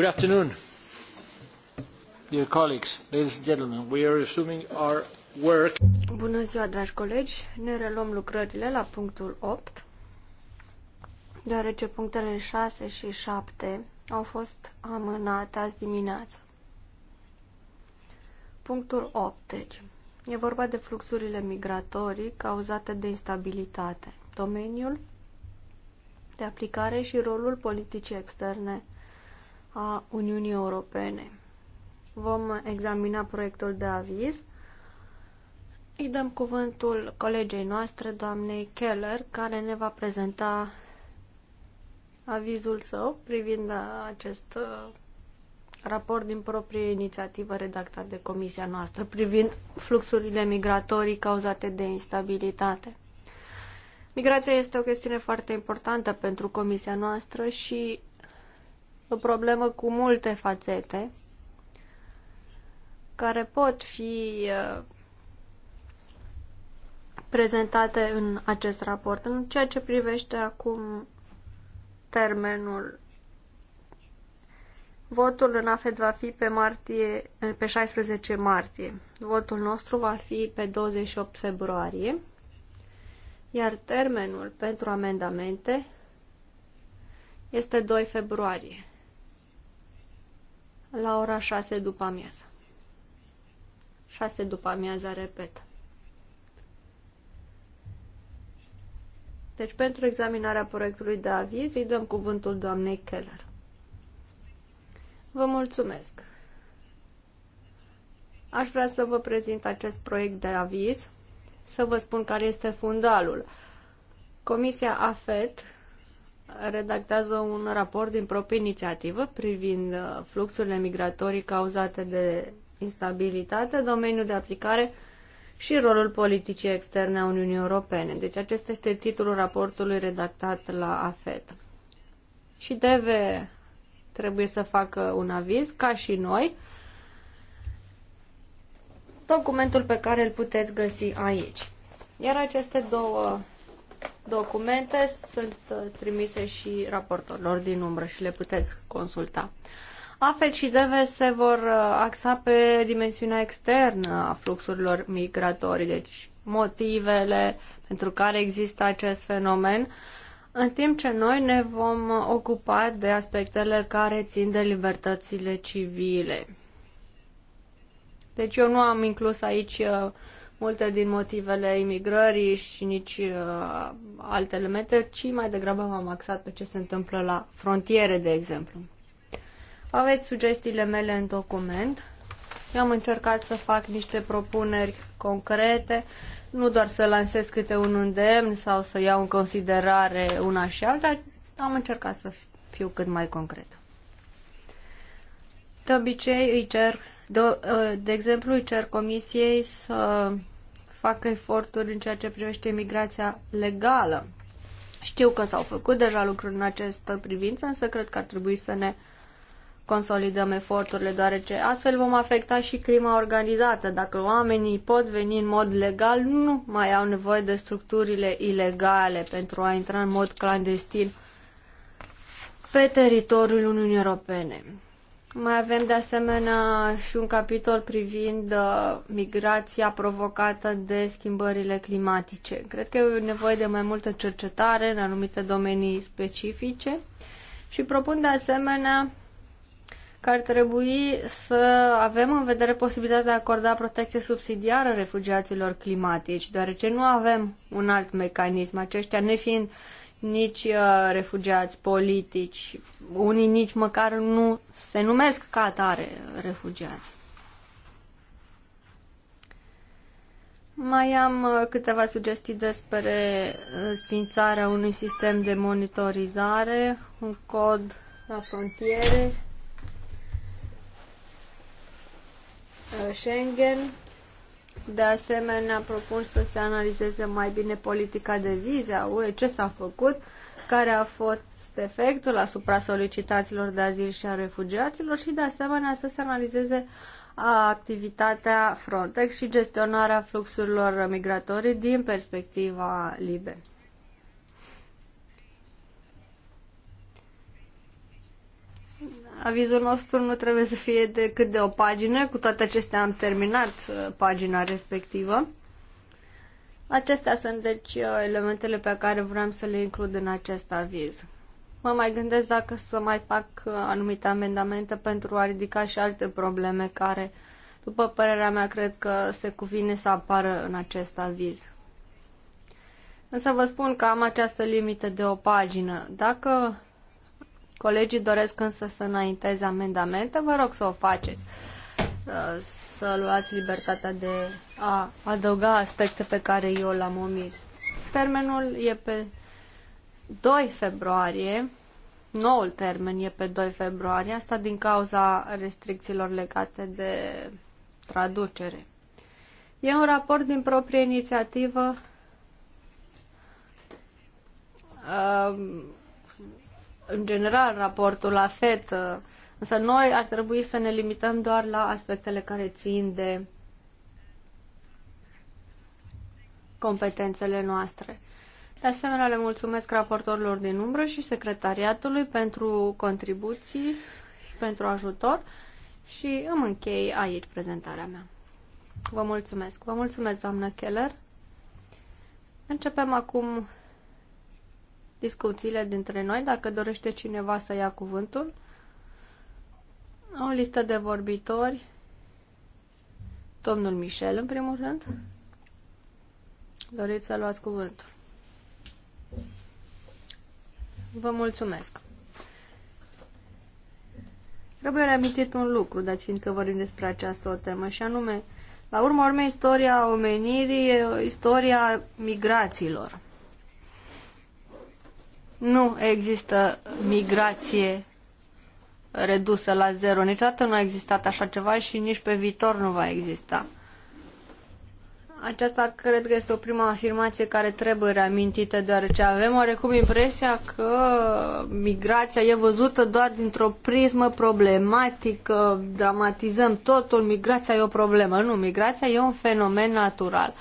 Good afternoon, dear colleagues, ladies and gentlemen. We are resuming our work. Bună ziua, dragi colegi. Ne reluăm lucrările la punctul 8, deoarece punctele 6 și 7 au fost amânate azi dimineață. Punctul 8, deci. E vorba de fluxurile migratorii cauzate de instabilitate, domeniul de aplicare și rolul politicii externe a Uniunii Europene. Vom examina proiectul de aviz. Îi dăm cuvântul colegei noastre, doamnei Keller, care ne va prezenta avizul său privind acest uh, raport din proprie inițiativă redactat de comisia noastră privind fluxurile migratorii cauzate de instabilitate. Migrația este o chestiune foarte importantă pentru comisia noastră și o problemă cu multe fațete care pot fi uh, prezentate în acest raport. În ceea ce privește acum termenul, votul în AFED va fi pe, martie, pe 16 martie. Votul nostru va fi pe 28 februarie, iar termenul pentru amendamente este 2 februarie la ora 6 după amiază. 6 după amiază, repet. Deci pentru examinarea proiectului de aviz îi dăm cuvântul doamnei Keller. Vă mulțumesc! Aș vrea să vă prezint acest proiect de aviz, să vă spun care este fundalul. Comisia AFET redactează un raport din proprie inițiativă privind uh, fluxurile migratorii cauzate de instabilitate, domeniul de aplicare și rolul politicii externe a Uniunii Europene. Deci acesta este titlul raportului redactat la AFET. Și DV trebuie să facă un aviz, ca și noi, documentul pe care îl puteți găsi aici. Iar aceste două documente sunt uh, trimise și raportorilor din umbră și le puteți consulta. Afel și DEVE se vor uh, axa pe dimensiunea externă a fluxurilor migratorii, deci motivele pentru care există acest fenomen, în timp ce noi ne vom uh, ocupa de aspectele care țin de libertățile civile. Deci eu nu am inclus aici multe din motivele imigrării și nici uh, alte elemente, ci mai degrabă m-am axat pe ce se întâmplă la frontiere, de exemplu. Aveți sugestiile mele în document. Eu am încercat să fac niște propuneri concrete, nu doar să lansez câte un îndemn sau să iau în considerare una și alta, am încercat să fiu cât mai concret. De obicei îi cer de, uh, de exemplu, cer comisiei să facă eforturi în ceea ce privește migrația legală. Știu că s-au făcut deja lucruri în această privință, însă cred că ar trebui să ne consolidăm eforturile, deoarece astfel vom afecta și crima organizată. Dacă oamenii pot veni în mod legal, nu mai au nevoie de structurile ilegale pentru a intra în mod clandestin pe teritoriul Uniunii Europene. Mai avem de asemenea și un capitol privind uh, migrația provocată de schimbările climatice. Cred că e nevoie de mai multă cercetare în anumite domenii specifice și propun de asemenea că ar trebui să avem în vedere posibilitatea de a acorda protecție subsidiară refugiaților climatici, deoarece nu avem un alt mecanism, aceștia nefiind nici uh, refugiați politici, unii nici măcar nu se numesc ca atare refugiați. Mai am uh, câteva sugestii despre uh, sfințarea unui sistem de monitorizare, un cod la frontiere, uh, Schengen, de asemenea, propun să se analizeze mai bine politica de vize a UE, ce s-a făcut, care a fost efectul asupra solicitaților de azil și a refugiaților și, de asemenea, să se analizeze activitatea Frontex și gestionarea fluxurilor migratorii din perspectiva liberă. Avizul nostru nu trebuie să fie decât de o pagină, cu toate acestea am terminat uh, pagina respectivă. Acestea sunt deci uh, elementele pe care vreau să le includ în acest aviz. Mă mai gândesc dacă să mai fac uh, anumite amendamente pentru a ridica și alte probleme care, după părerea mea, cred că se cuvine să apară în acest aviz. Însă vă spun că am această limită de o pagină. Dacă Colegii doresc însă să înainteze amendamente, vă rog să o faceți. Uh, să luați libertatea de a adăuga aspecte pe care eu l-am omis. Termenul e pe 2 februarie, noul termen e pe 2 februarie, asta din cauza restricțiilor legate de traducere. E un raport din proprie inițiativă uh, în general raportul la FET, uh, însă noi ar trebui să ne limităm doar la aspectele care țin de competențele noastre. De asemenea, le mulțumesc raportorilor din umbră și secretariatului pentru contribuții și pentru ajutor și îmi închei aici prezentarea mea. Vă mulțumesc. Vă mulțumesc, doamnă Keller. Începem acum discuțiile dintre noi, dacă dorește cineva să ia cuvântul. O listă de vorbitori. Domnul Michel, în primul rând. Doriți să luați cuvântul. Vă mulțumesc. Trebuie reamintit un lucru, dat fiindcă vorbim despre această o temă, și anume, la urma urmei, istoria omenirii, istoria migrațiilor. Nu există migrație redusă la zero. Niciodată nu a existat așa ceva și nici pe viitor nu va exista. Aceasta cred că este o prima afirmație care trebuie reamintită, deoarece avem oarecum impresia că migrația e văzută doar dintr-o prismă problematică, dramatizăm totul, migrația e o problemă. Nu, migrația e un fenomen natural.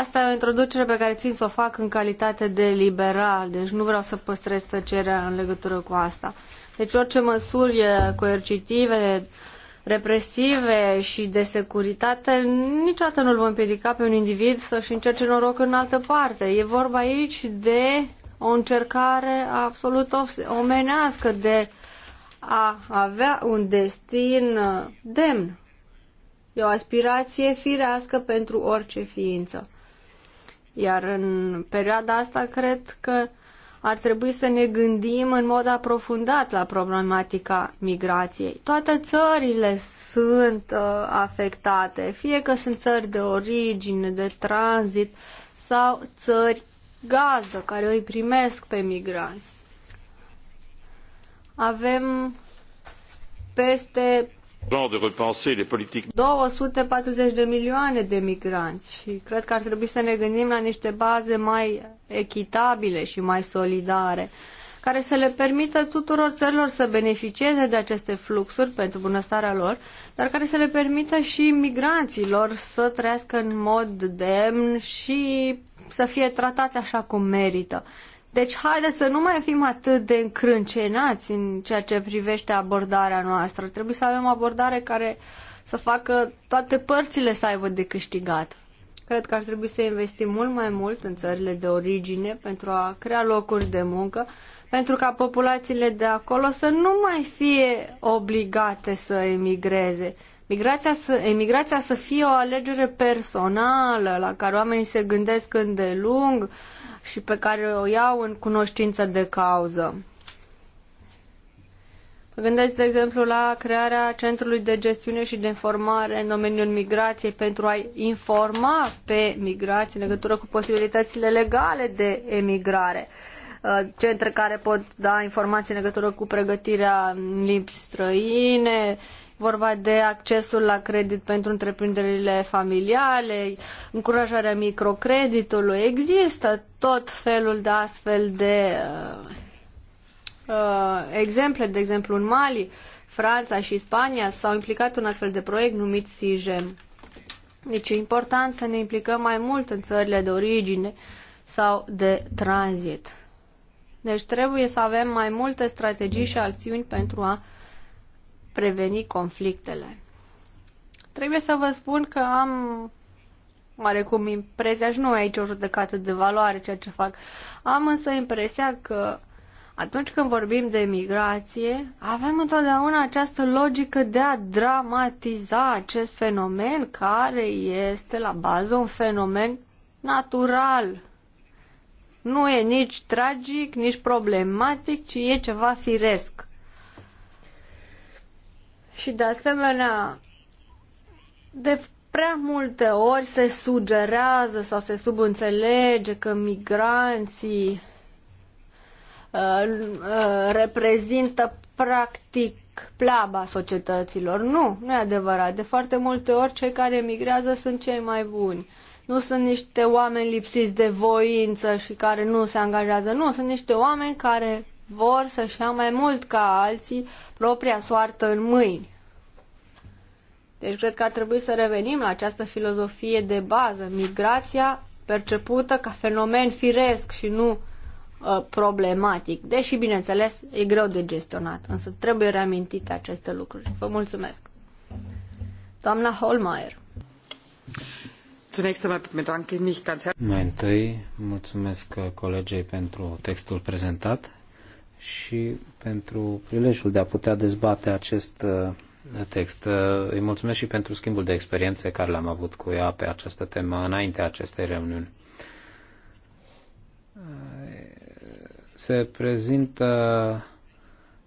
Asta e o introducere pe care țin să o fac în calitate de liberal, deci nu vreau să păstrez tăcerea în legătură cu asta. Deci orice măsuri coercitive, represive și de securitate niciodată nu-l vom împiedica pe un individ să-și încerce noroc în altă parte. E vorba aici de o încercare absolut omenească de a avea un destin uh, demn. E o aspirație firească pentru orice ființă. Iar în perioada asta cred că ar trebui să ne gândim în mod aprofundat la problematica migrației. Toate țările sunt uh, afectate, fie că sunt țări de origine, de tranzit sau țări gazdă care îi primesc pe migranți. Avem peste 240 de milioane de migranți și cred că ar trebui să ne gândim la niște baze mai echitabile și mai solidare care să le permită tuturor țărilor să beneficieze de aceste fluxuri pentru bunăstarea lor, dar care să le permită și migranților să trăiască în mod demn și să fie tratați așa cum merită. Deci haide să nu mai fim atât de încrâncenați în ceea ce privește abordarea noastră. Trebuie să avem o abordare care să facă toate părțile să aibă de câștigat. Cred că ar trebui să investim mult mai mult în țările de origine pentru a crea locuri de muncă, pentru ca populațiile de acolo să nu mai fie obligate să emigreze. Migrația să, emigrația să fie o alegere personală la care oamenii se gândesc îndelung lung, și pe care o iau în cunoștință de cauză. Mă gândesc, de exemplu, la crearea Centrului de Gestiune și de Informare în domeniul migrației pentru a informa pe migrații în legătură cu posibilitățile legale de emigrare. Uh, centre care pot da informații în legătură cu pregătirea în limbi străine, vorba de accesul la credit pentru întreprinderile familiale, încurajarea microcreditului. Există tot felul de astfel de uh, uh, exemple, de exemplu în Mali, Franța și Spania s-au implicat un astfel de proiect numit SIGEM. Deci e important să ne implicăm mai mult în țările de origine sau de tranzit. Deci trebuie să avem mai multe strategii și acțiuni pentru a uh, preveni conflictele. Trebuie să vă spun că am oarecum impresia, și nu aici o judecată de valoare ceea ce fac, am însă impresia că atunci când vorbim de migrație, avem întotdeauna această logică de a dramatiza acest fenomen care este la bază un fenomen natural. Nu e nici tragic, nici problematic, ci e ceva firesc. Și de asemenea, de prea multe ori se sugerează sau se subînțelege că migranții uh, uh, reprezintă practic plaba societăților. Nu, nu e adevărat. De foarte multe ori cei care migrează sunt cei mai buni. Nu sunt niște oameni lipsiți de voință și care nu se angajează. Nu, sunt niște oameni care vor să-și ia mai mult ca alții propria soartă în mâini. Deci cred că ar trebui să revenim la această filozofie de bază, migrația percepută ca fenomen firesc și nu uh, problematic. Deși, bineînțeles, e greu de gestionat, însă trebuie reamintite aceste lucruri. Vă mulțumesc. Doamna Holmeier. Mai întâi, mulțumesc colegei pentru textul prezentat și pentru prilejul de a putea dezbate acest uh, text. Uh, îi mulțumesc și pentru schimbul de experiențe care l-am avut cu ea pe această temă înaintea acestei reuniuni. Uh, se prezintă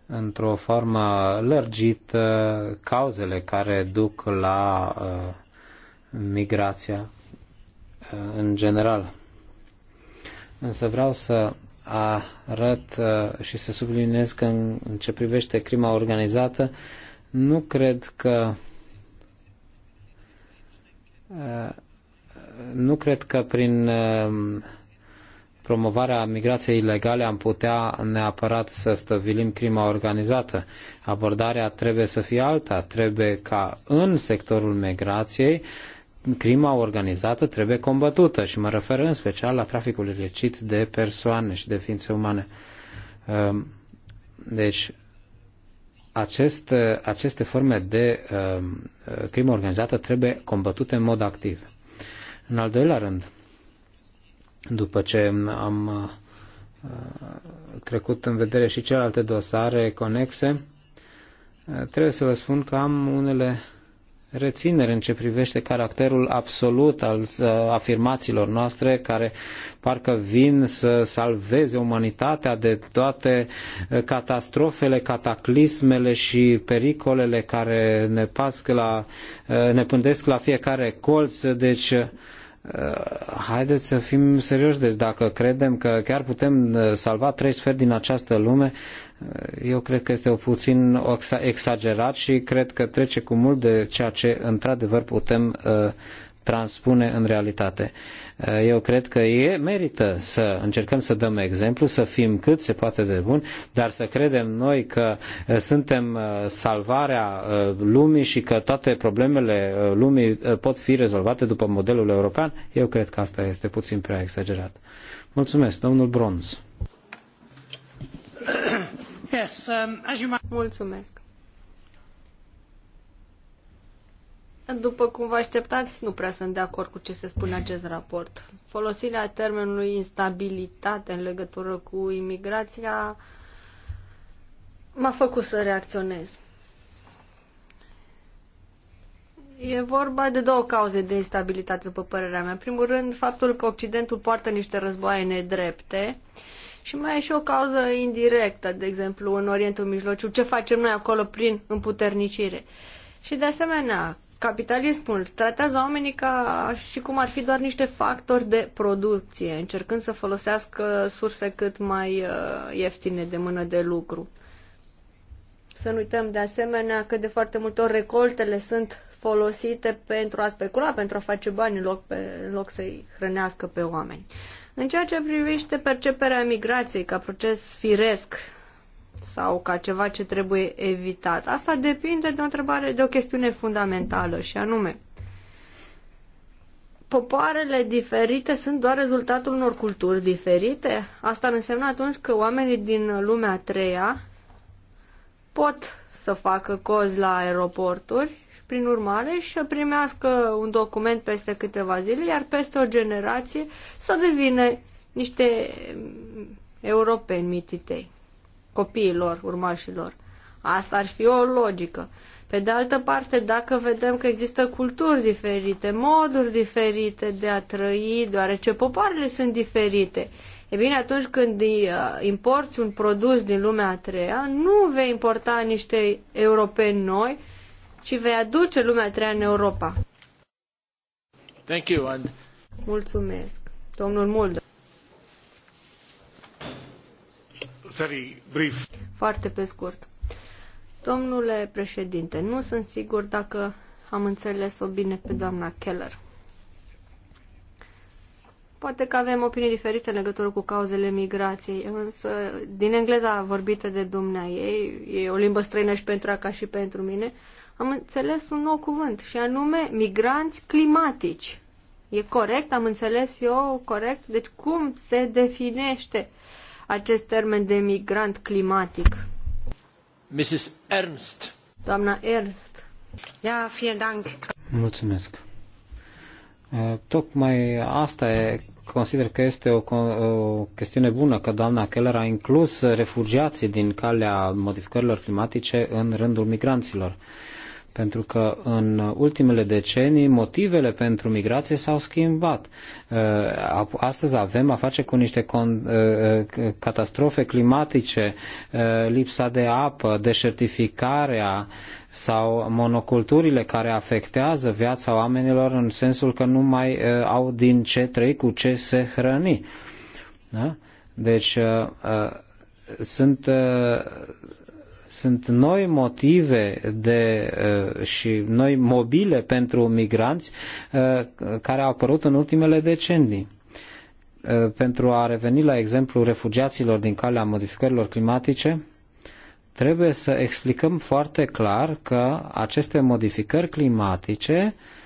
într-o formă lărgită cauzele care duc la migrația în general. Însă vreau să arăt uh, și să subliniez că în ce privește crima organizată, nu cred că uh, nu cred că prin um, promovarea migrației ilegale am putea neapărat să stăvilim crima organizată. Abordarea trebuie să fie alta, trebuie ca în sectorul migrației crima organizată trebuie combătută și mă refer în special la traficul ilicit de persoane și de ființe umane. Ehm, deci, acest, aceste forme de ehm, crimă organizată trebuie combătute în mod activ. În al doilea rând, după ce am eh, trecut în vedere și celelalte dosare conexe, eh, trebuie să vă spun că am unele rețineri în ce privește caracterul absolut al uh, afirmațiilor noastre care parcă vin să salveze umanitatea de toate uh, catastrofele, cataclismele și pericolele care ne pasc la, uh, ne pândesc la fiecare colț. Deci Uh, haideți să fim serioși, deci dacă credem că chiar putem uh, salva trei sferi din această lume, uh, eu cred că este o puțin exagerat și cred că trece cu mult de ceea ce într-adevăr putem transpune în realitate. Eh, eu cred că e, merită să încercăm să dăm exemplu, să fim cât se poate de buni, dar să credem noi că eh, suntem eh, salvarea lumii și că toate problemele lumii pot fi rezolvate după modelul european, eu cred că asta este puțin prea exagerat. Mulțumesc, domnul Bronz. Um, Mulțumesc. După cum vă așteptați, nu prea sunt de acord cu ce se spune acest raport. Folosirea termenului instabilitate în legătură cu imigrația m-a făcut să reacționez. E vorba de două cauze de instabilitate, după părerea mea. În primul rând, faptul că Occidentul poartă niște războaie nedrepte și mai e și o cauză indirectă, de exemplu, în Orientul Mijlociu, ce facem noi acolo prin împuternicire. Și de asemenea, capitalismul tratează oamenii ca și cum ar fi doar niște factori de producție, încercând să folosească surse cât mai uh, ieftine de mână de lucru. Să nu uităm de asemenea că de foarte multe ori recoltele sunt folosite pentru a specula, pentru a face bani în loc, pe, în loc să-i hrănească pe oameni. În ceea ce privește perceperea migrației ca proces firesc sau ca ceva ce trebuie evitat. Asta depinde de o întrebare, de o chestiune fundamentală și anume popoarele diferite sunt doar rezultatul unor culturi diferite? Asta ar însemna atunci că oamenii din lumea treia pot să facă cozi la aeroporturi și prin urmare și să primească un document peste câteva zile, iar peste o generație să devină niște europeni mititei copiilor, urmașilor. Asta ar fi o logică. Pe de altă parte, dacă vedem că există culturi diferite, moduri diferite de a trăi, deoarece popoarele sunt diferite, e bine, atunci când uh, importi un produs din lumea a treia, nu vei importa niște europeni noi, ci vei aduce lumea a treia în Europa. Thank you, and... Mulțumesc. Domnul Mulder. very brief. Foarte pe scurt. Domnule președinte, nu sunt sigur dacă am înțeles-o bine pe doamna Keller. Poate că avem opinii diferite în legătură cu cauzele migrației, însă din engleza vorbită de dumnea ei, e o limbă străină și pentru ea ca și pentru mine, am înțeles un nou cuvânt și anume migranți climatici. E corect? Am înțeles eu corect? Deci cum se definește uh, acest termen de migrant climatic. Mrs. Ernst. Doamna Ernst. Ja, vielen Dank. Mulțumesc. Tocmai asta e, consider că este o, o chestiune bună că doamna Keller a inclus refugiații din calea modificărilor climatice în rândul migranților pentru că în ultimele decenii motivele pentru migrație s-au schimbat. Uh, astăzi avem a face cu niște uh, uh, catastrofe climatice, lipsa de apă, deșertificarea sau monoculturile care afectează viața oamenilor în sensul că nu mai au din ce trăi, cu ce se hrăni. Da? Deci sunt sunt noi motive de, uh, și noi mobile pentru migranți uh, care au apărut în ultimele decenii. Uh, pentru a reveni la exemplul refugiaților din calea modificărilor climatice, trebuie să explicăm foarte clar că aceste modificări climatice uh,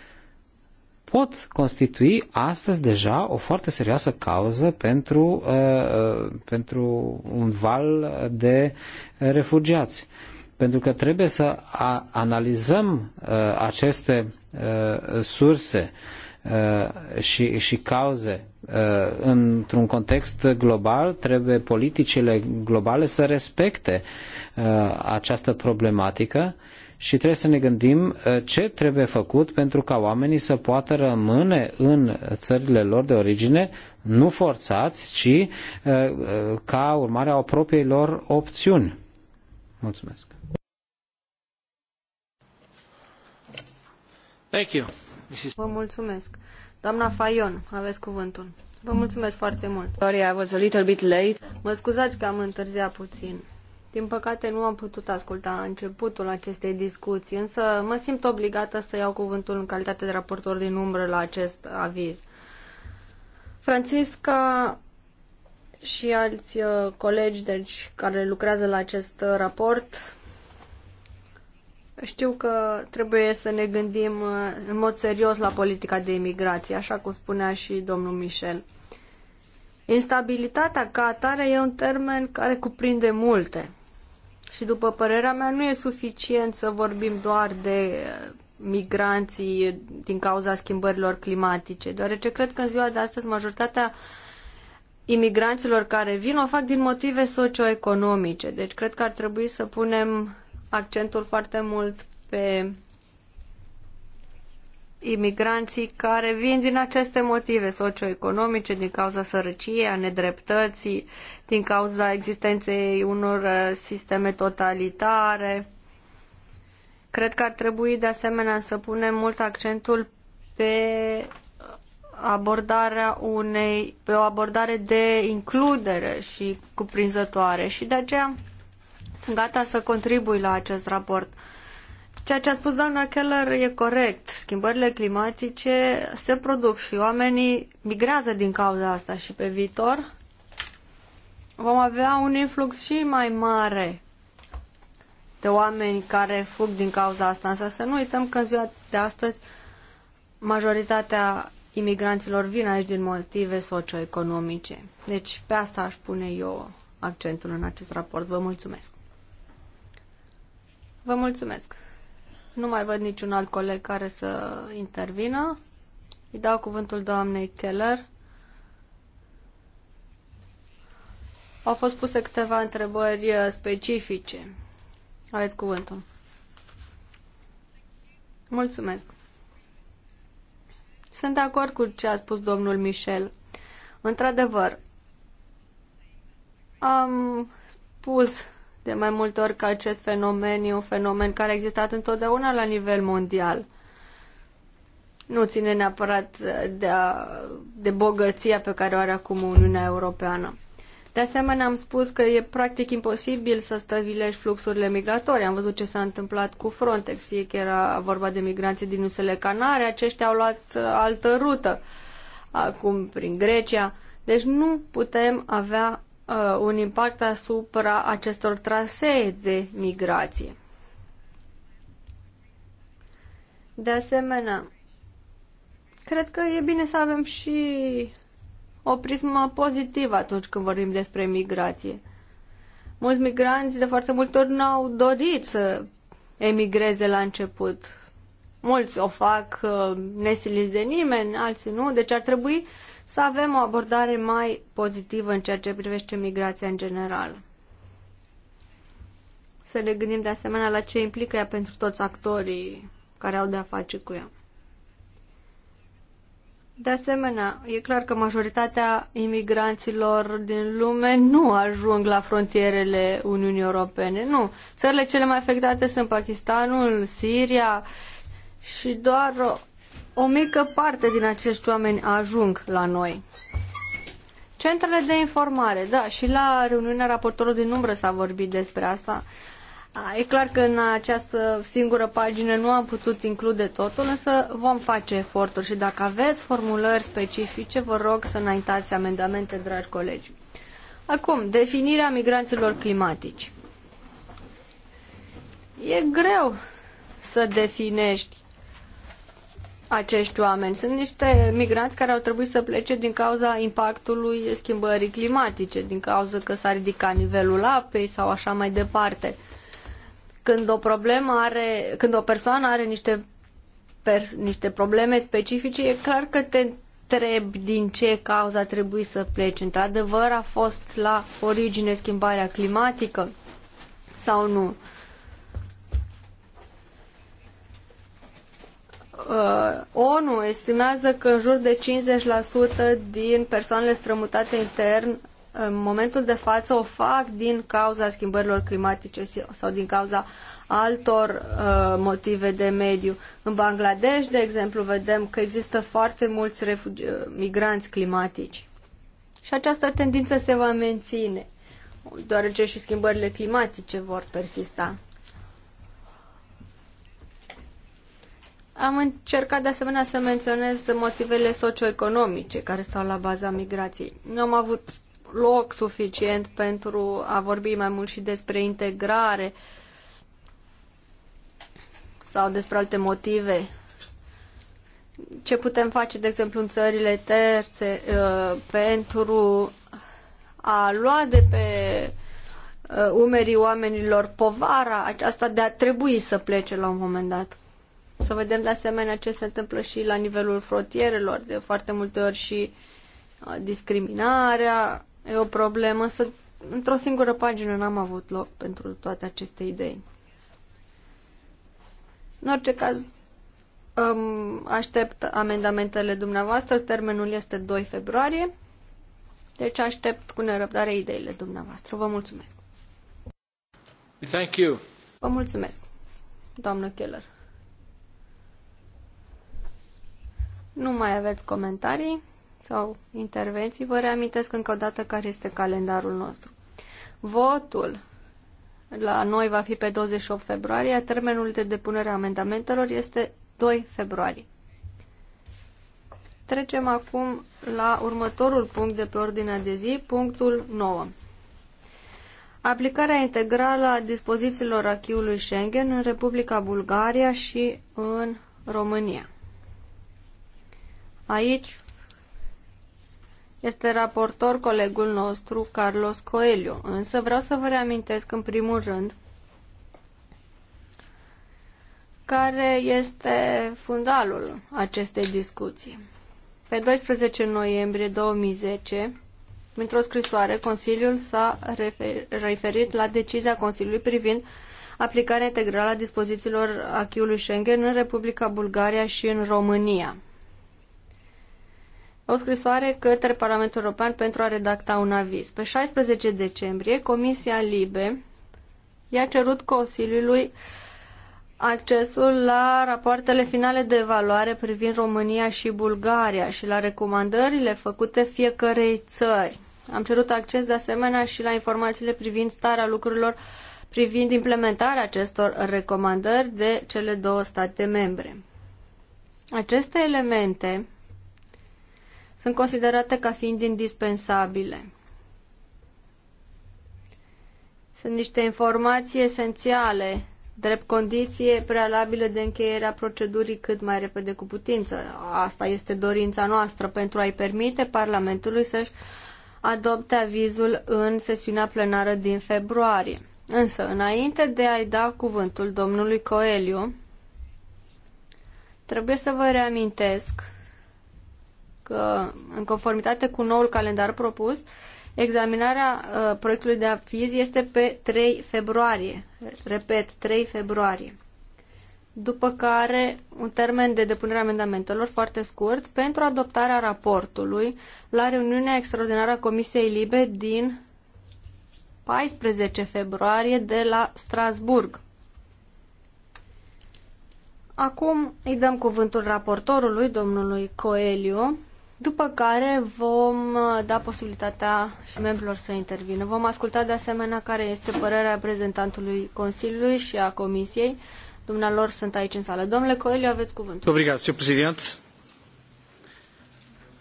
pot constitui astăzi deja o foarte serioasă cauză pentru, uh, uh pentru un val de refugiați. Pentru că trebuie să analizăm uh, aceste uh, surse uh, și, și cauze uh, într-un context global, trebuie politicile globale să respecte această problematică și trebuie să ne gândim uh, ce trebuie făcut pentru ca oamenii să poată rămâne în țările lor de origine, nu forțați, ci uh, uh, ca urmare a propriei lor opțiuni. Mulțumesc. Thank you. Vă mulțumesc. Doamna Fayon, aveți cuvântul. Vă mulțumesc foarte mult. Sorry, I was a little bit late. Mă scuzați că am întârziat puțin. Din păcate nu am putut asculta începutul acestei discuții, însă mă simt obligată să iau cuvântul în calitate de raportor din umbră la acest aviz. Francisca și alți uh, colegi deci, care lucrează la acest uh, raport știu că trebuie să ne gândim uh, în mod serios la politica de imigrație, așa cum spunea și domnul Michel. Instabilitatea ca atare e un termen care cuprinde multe. Și după părerea mea nu e suficient să vorbim doar de uh, migranții din cauza schimbărilor climatice, deoarece cred că în ziua de astăzi majoritatea imigranților care vin o fac din motive socioeconomice. Deci cred că ar trebui să punem accentul foarte mult pe imigranții care vin din aceste motive socioeconomice, din cauza sărăciei, a nedreptății, din cauza existenței unor uh, sisteme totalitare. Cred că ar trebui de asemenea să punem mult accentul pe abordarea unei, pe o abordare de includere și cuprinzătoare și de aceea sunt gata să contribui la acest raport. Ceea ce a spus doamna Keller e corect. Schimbările climatice se produc și oamenii migrează din cauza asta și pe viitor vom avea un influx și mai mare de oameni care fug din cauza asta. Însă să nu uităm că în ziua de astăzi majoritatea imigranților vin aici din motive socioeconomice. Deci pe asta aș pune eu accentul în acest raport. Vă mulțumesc! Vă mulțumesc! Nu mai văd niciun alt coleg care să intervină. Îi dau cuvântul doamnei Keller. Au fost puse câteva întrebări uh, specifice. Aveți cuvântul. Mulțumesc. Sunt de acord cu ce a spus domnul Michel. Într-adevăr, am spus de mai multe ori că acest fenomen e un fenomen care a existat întotdeauna la nivel mondial. Nu ține neapărat uh, de, a, de bogăția pe care o are acum Uniunea Europeană. De asemenea, am spus că e practic imposibil să stabilești fluxurile migratorii. Am văzut ce s-a întâmplat cu Frontex, fie că era vorba de migranții din Usele Canare, aceștia au luat uh, altă rută, acum prin Grecia. Deci nu putem avea uh, un impact asupra acestor trasee de migrație. De asemenea, cred că e bine să avem și o prismă pozitivă atunci când vorbim despre migrație. Mulți migranți de foarte multe ori n-au dorit să emigreze la început. Mulți o fac uh, nesiliți de nimeni, alții nu, deci ar trebui uh, să avem o abordare mai pozitivă în ceea ce privește migrația în general. Să ne gândim de asemenea la ce implică ea pentru toți actorii care au de-a face cu ea. De asemenea, e clar că majoritatea imigranților din lume nu ajung la frontierele Uniunii Europene. Nu. Țările cele mai afectate sunt Pakistanul, Siria și doar o mică parte din acești oameni ajung la noi. Centrele de informare, da, și la reuniunea raportorului din umbră s-a vorbit despre asta. E clar că în această singură pagină nu am putut include totul, însă vom face eforturi și dacă aveți formulări specifice, vă rog să înaintați amendamente, dragi colegi. Acum, definirea migranților climatici. E greu să definești acești oameni. Sunt niște migranți care au trebuit să plece din cauza impactului schimbării climatice, din cauza că s-a ridicat nivelul apei sau așa mai departe. Când o problemă are, când o persoană are niște, per, niște probleme specifice, e clar că te întrebi din ce cauza a trebuit să pleci. Într-adevăr, a fost la origine schimbarea climatică sau nu? uh, ONU estimează că în jur de 50% din persoanele strămutate intern în momentul de față o fac din cauza schimbărilor climatice sau din cauza altor uh, motive de mediu. În Bangladesh, de exemplu, vedem că există foarte mulți refugi- uh, migranți climatici. Și această tendință se va menține, deoarece și schimbările climatice vor persista. Am încercat de asemenea să menționez motivele socioeconomice care stau la baza migrației. Nu am avut loc suficient pentru a vorbi mai mult și despre integrare sau despre alte motive. Ce putem face, de exemplu, în țările terțe uh, pentru a lua de pe uh, umerii oamenilor povara aceasta de a trebui să plece la un moment dat. Să vedem de asemenea ce se întâmplă și la nivelul frontierelor, de foarte multe ori și uh, discriminarea e o problemă, să într-o singură pagină n-am avut loc pentru toate aceste idei. În orice caz, aștept amendamentele dumneavoastră, termenul este 2 februarie, deci aștept cu nerăbdare ideile dumneavoastră. Vă mulțumesc! Thank you. Vă mulțumesc, doamnă Keller. Nu mai aveți comentarii sau intervenții. Vă reamintesc încă o dată care este calendarul nostru. Votul la noi va fi pe 28 februarie, termenul de depunere a amendamentelor este 2 februarie. Trecem acum la următorul punct de pe ordinea de zi, punctul 9. Aplicarea integrală a dispozițiilor achiului Schengen în Republica Bulgaria și în România. Aici este raportor colegul nostru, Carlos Coelho. Însă vreau să vă reamintesc în primul rând care este fundalul acestei discuții. Pe 12 noiembrie 2010, într-o scrisoare, Consiliul s-a referit la decizia Consiliului privind aplicarea integrală a dispozițiilor acquis Schengen în Republica Bulgaria și în România o scrisoare către Parlamentul European pentru a redacta un aviz. Pe 16 decembrie, Comisia Libe i-a cerut Consiliului accesul la rapoartele finale de evaluare privind România și Bulgaria și la recomandările făcute fiecarei țări. Am cerut acces de asemenea și la informațiile privind starea lucrurilor privind implementarea acestor recomandări de cele două state membre. Aceste elemente sunt considerate ca fiind indispensabile. Sunt niște informații esențiale, drept condiție prealabilă de încheierea procedurii cât mai repede cu putință. Asta este dorința noastră pentru a-i permite Parlamentului să-și adopte avizul în sesiunea plenară din februarie. Însă, înainte de a-i da cuvântul domnului Coeliu, trebuie să vă reamintesc că, în conformitate cu noul calendar propus, examinarea uh, proiectului de aviz este pe 3 februarie. Repet, 3 februarie. După care, un termen de depunere a amendamentelor foarte scurt pentru adoptarea raportului la reuniunea extraordinară a Comisiei Libe din 14 februarie de la Strasburg. Acum îi dăm cuvântul raportorului, domnului Coeliu după care vom uh, da posibilitatea și membrilor să intervină. Vom asculta de asemenea care este părerea reprezentantului Consiliului și a Comisiei. Dumnealor sunt aici în sală. Domnule Coelho, aveți cuvântul. Mulțumesc, domnule Presidente.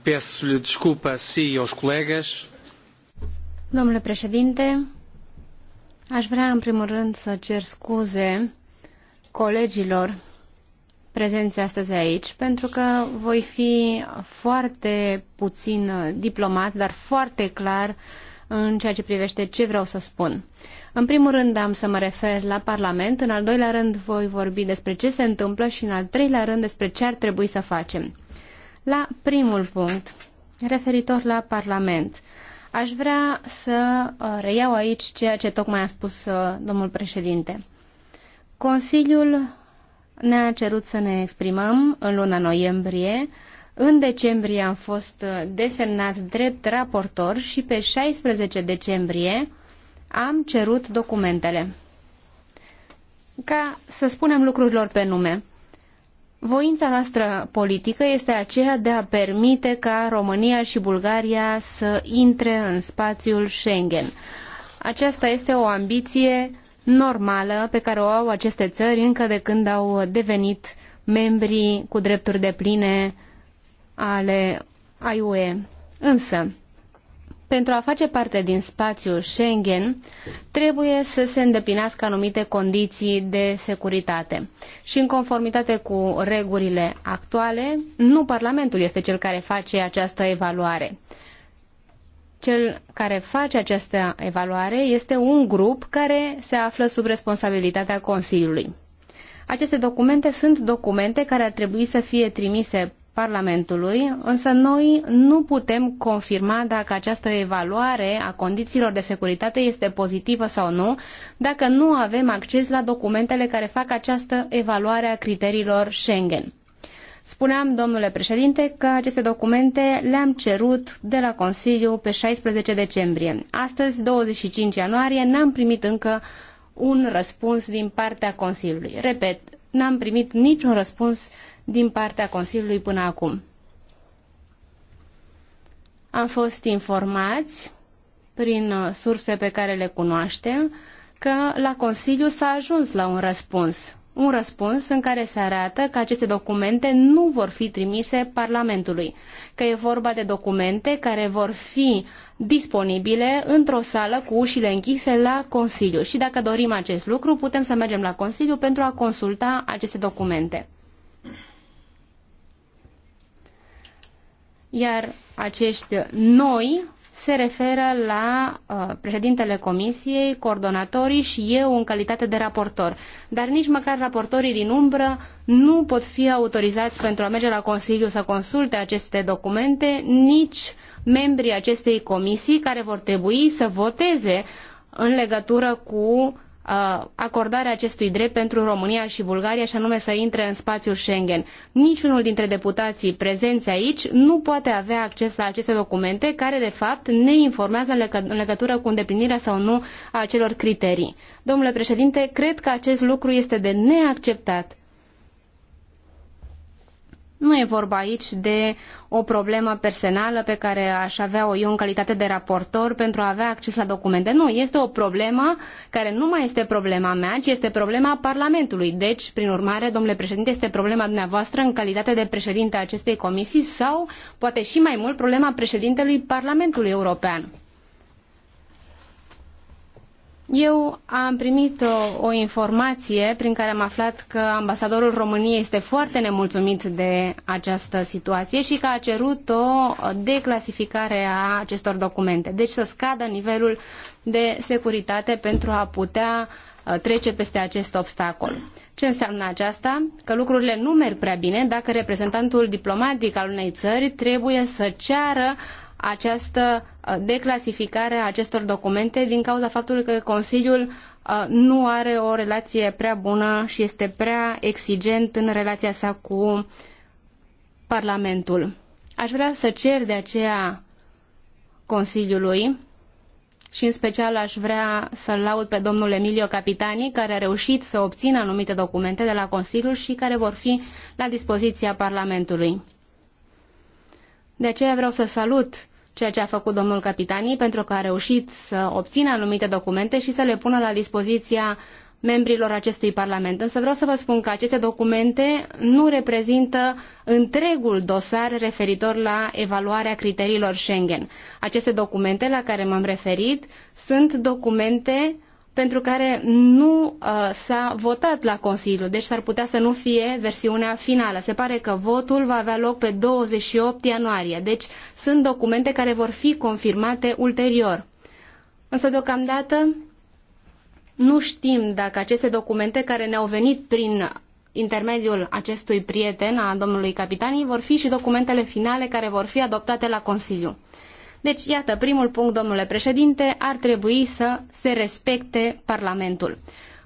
Peço-lhe desculpa a si e aos colegas. Domnule președinte, aș vrea în primul rând să cer scuze colegilor prezenți astăzi aici, pentru că voi fi foarte puțin uh, diplomat, dar foarte clar în ceea ce privește ce vreau să spun. În primul rând am să mă refer la Parlament, în al doilea rând voi vorbi despre ce se întâmplă și în al treilea rând despre ce ar trebui să facem. La primul punct, referitor la Parlament, aș vrea să uh, reiau aici ceea ce tocmai a spus uh, domnul președinte. Consiliul ne-a cerut să ne exprimăm în luna noiembrie. În decembrie am fost desemnat drept raportor și pe 16 decembrie am cerut documentele. Ca să spunem lucrurilor pe nume. Voința noastră politică este aceea de a permite ca România și Bulgaria să intre în spațiul Schengen. Aceasta este o ambiție normală pe care o au aceste țări încă de când au devenit membri cu drepturi de pline ale IUE. Însă, pentru a face parte din spațiul Schengen, trebuie să se îndeplinească anumite condiții de securitate. Și în conformitate cu regulile actuale, nu Parlamentul este cel care face această evaluare. Cel care face această evaluare este un grup care se află sub responsabilitatea Consiliului. Aceste documente sunt documente care ar trebui să fie trimise Parlamentului, însă noi nu putem confirma dacă această evaluare a condițiilor de securitate este pozitivă sau nu, dacă nu avem acces la documentele care fac această evaluare a criteriilor Schengen. Spuneam, domnule președinte, că aceste documente le-am cerut de la Consiliu pe 16 decembrie. Astăzi, 25 ianuarie, n-am primit încă un răspuns din partea Consiliului. Repet, n-am primit niciun răspuns din partea Consiliului până acum. Am fost informați prin uh, surse pe care le cunoaștem că la Consiliu s-a ajuns la un răspuns un răspuns în care se arată că aceste documente nu vor fi trimise Parlamentului, că e vorba de documente care vor fi disponibile într-o sală cu ușile închise la Consiliu. Și dacă dorim acest lucru, putem să mergem la Consiliu pentru a consulta aceste documente. Iar acești noi se referă la uh, președintele comisiei, coordonatorii și eu în calitate de raportor. Dar nici măcar raportorii din umbră nu pot fi autorizați pentru a merge la Consiliu să consulte aceste documente, nici membrii acestei comisii care vor trebui să voteze în legătură cu Uh, acordarea acestui drept pentru România și Bulgaria și anume să intre în spațiul Schengen. Niciunul dintre deputații prezenți aici nu poate avea acces la aceste documente care de fapt ne informează în legătură cu îndeplinirea sau nu a acelor criterii. Domnule președinte, cred că acest lucru este de neacceptat nu e vorba aici de o problemă personală pe care aș avea-o eu în calitate de raportor pentru a avea acces la documente. Nu, este o problemă care nu mai este problema mea, ci este problema Parlamentului. Deci, prin urmare, domnule președinte, este problema dumneavoastră în calitate de președinte a acestei comisii sau, poate și mai mult, problema președintelui Parlamentului European. Eu am primit o, uh, o informație prin care am aflat că ambasadorul României este foarte nemulțumit de această situație și că a cerut o declasificare a acestor documente. Deci să scadă nivelul de securitate pentru a putea uh, trece peste acest obstacol. Ce înseamnă aceasta? Că lucrurile nu merg prea bine dacă reprezentantul diplomatic al unei țări trebuie să ceară această uh, declasificare a acestor documente din cauza faptului că Consiliul uh, nu are o relație prea bună și este prea exigent în relația sa cu Parlamentul. Aș vrea să cer de aceea Consiliului și în special aș vrea să-l laud pe domnul Emilio Capitani, care a reușit să obțină anumite documente de la Consiliu și care vor fi la dispoziția Parlamentului. De aceea vreau să salut ceea ce a făcut domnul Capitanii, pentru că a reușit să obțină anumite documente și să le pună la dispoziția membrilor acestui Parlament. Însă vreau să vă spun că aceste documente nu reprezintă întregul dosar referitor la evaluarea criteriilor Schengen. Aceste documente la care m-am referit sunt documente pentru care nu uh, s-a votat la Consiliu, deci s-ar putea să nu fie versiunea finală. Se pare că votul va avea loc pe 28 ianuarie, deci sunt documente care vor fi confirmate ulterior. Însă deocamdată nu știm dacă aceste documente care ne-au venit prin intermediul acestui prieten a domnului Capitanii vor fi și documentele finale care vor fi adoptate la Consiliu. Deci, iată, primul punct, domnule președinte, ar trebui să se respecte Parlamentul.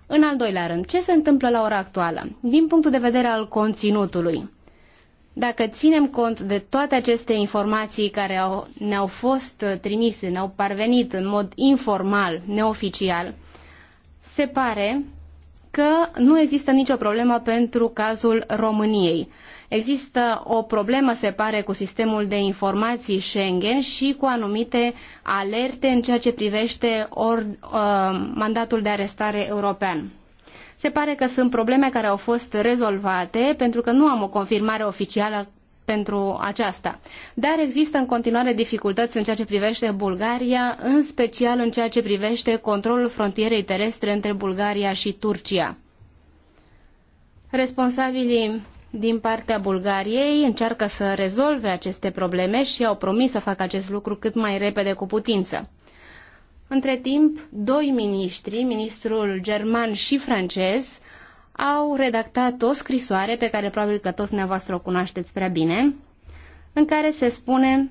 În al doilea rând, ce se întâmplă la ora actuală? Din punctul de vedere al conținutului, dacă ținem cont de toate aceste informații care au, ne-au fost trimise, ne-au parvenit în mod informal, neoficial, se pare că nu există nicio problemă pentru cazul României. Există o problemă, se pare, cu sistemul de informații Schengen și cu anumite alerte în ceea ce privește or, uh, mandatul de arestare european. Se pare că sunt probleme care au fost rezolvate pentru că nu am o confirmare oficială pentru aceasta. Dar există în continuare dificultăți în ceea ce privește Bulgaria, în special în ceea ce privește controlul frontierei terestre între Bulgaria și Turcia. Responsabilii din partea Bulgariei încearcă să rezolve aceste probleme și au promis să facă acest lucru cât mai repede cu putință. Între timp, doi miniștri, ministrul german și francez, au redactat o scrisoare pe care probabil că toți dumneavoastră o cunoașteți prea bine, în care se spune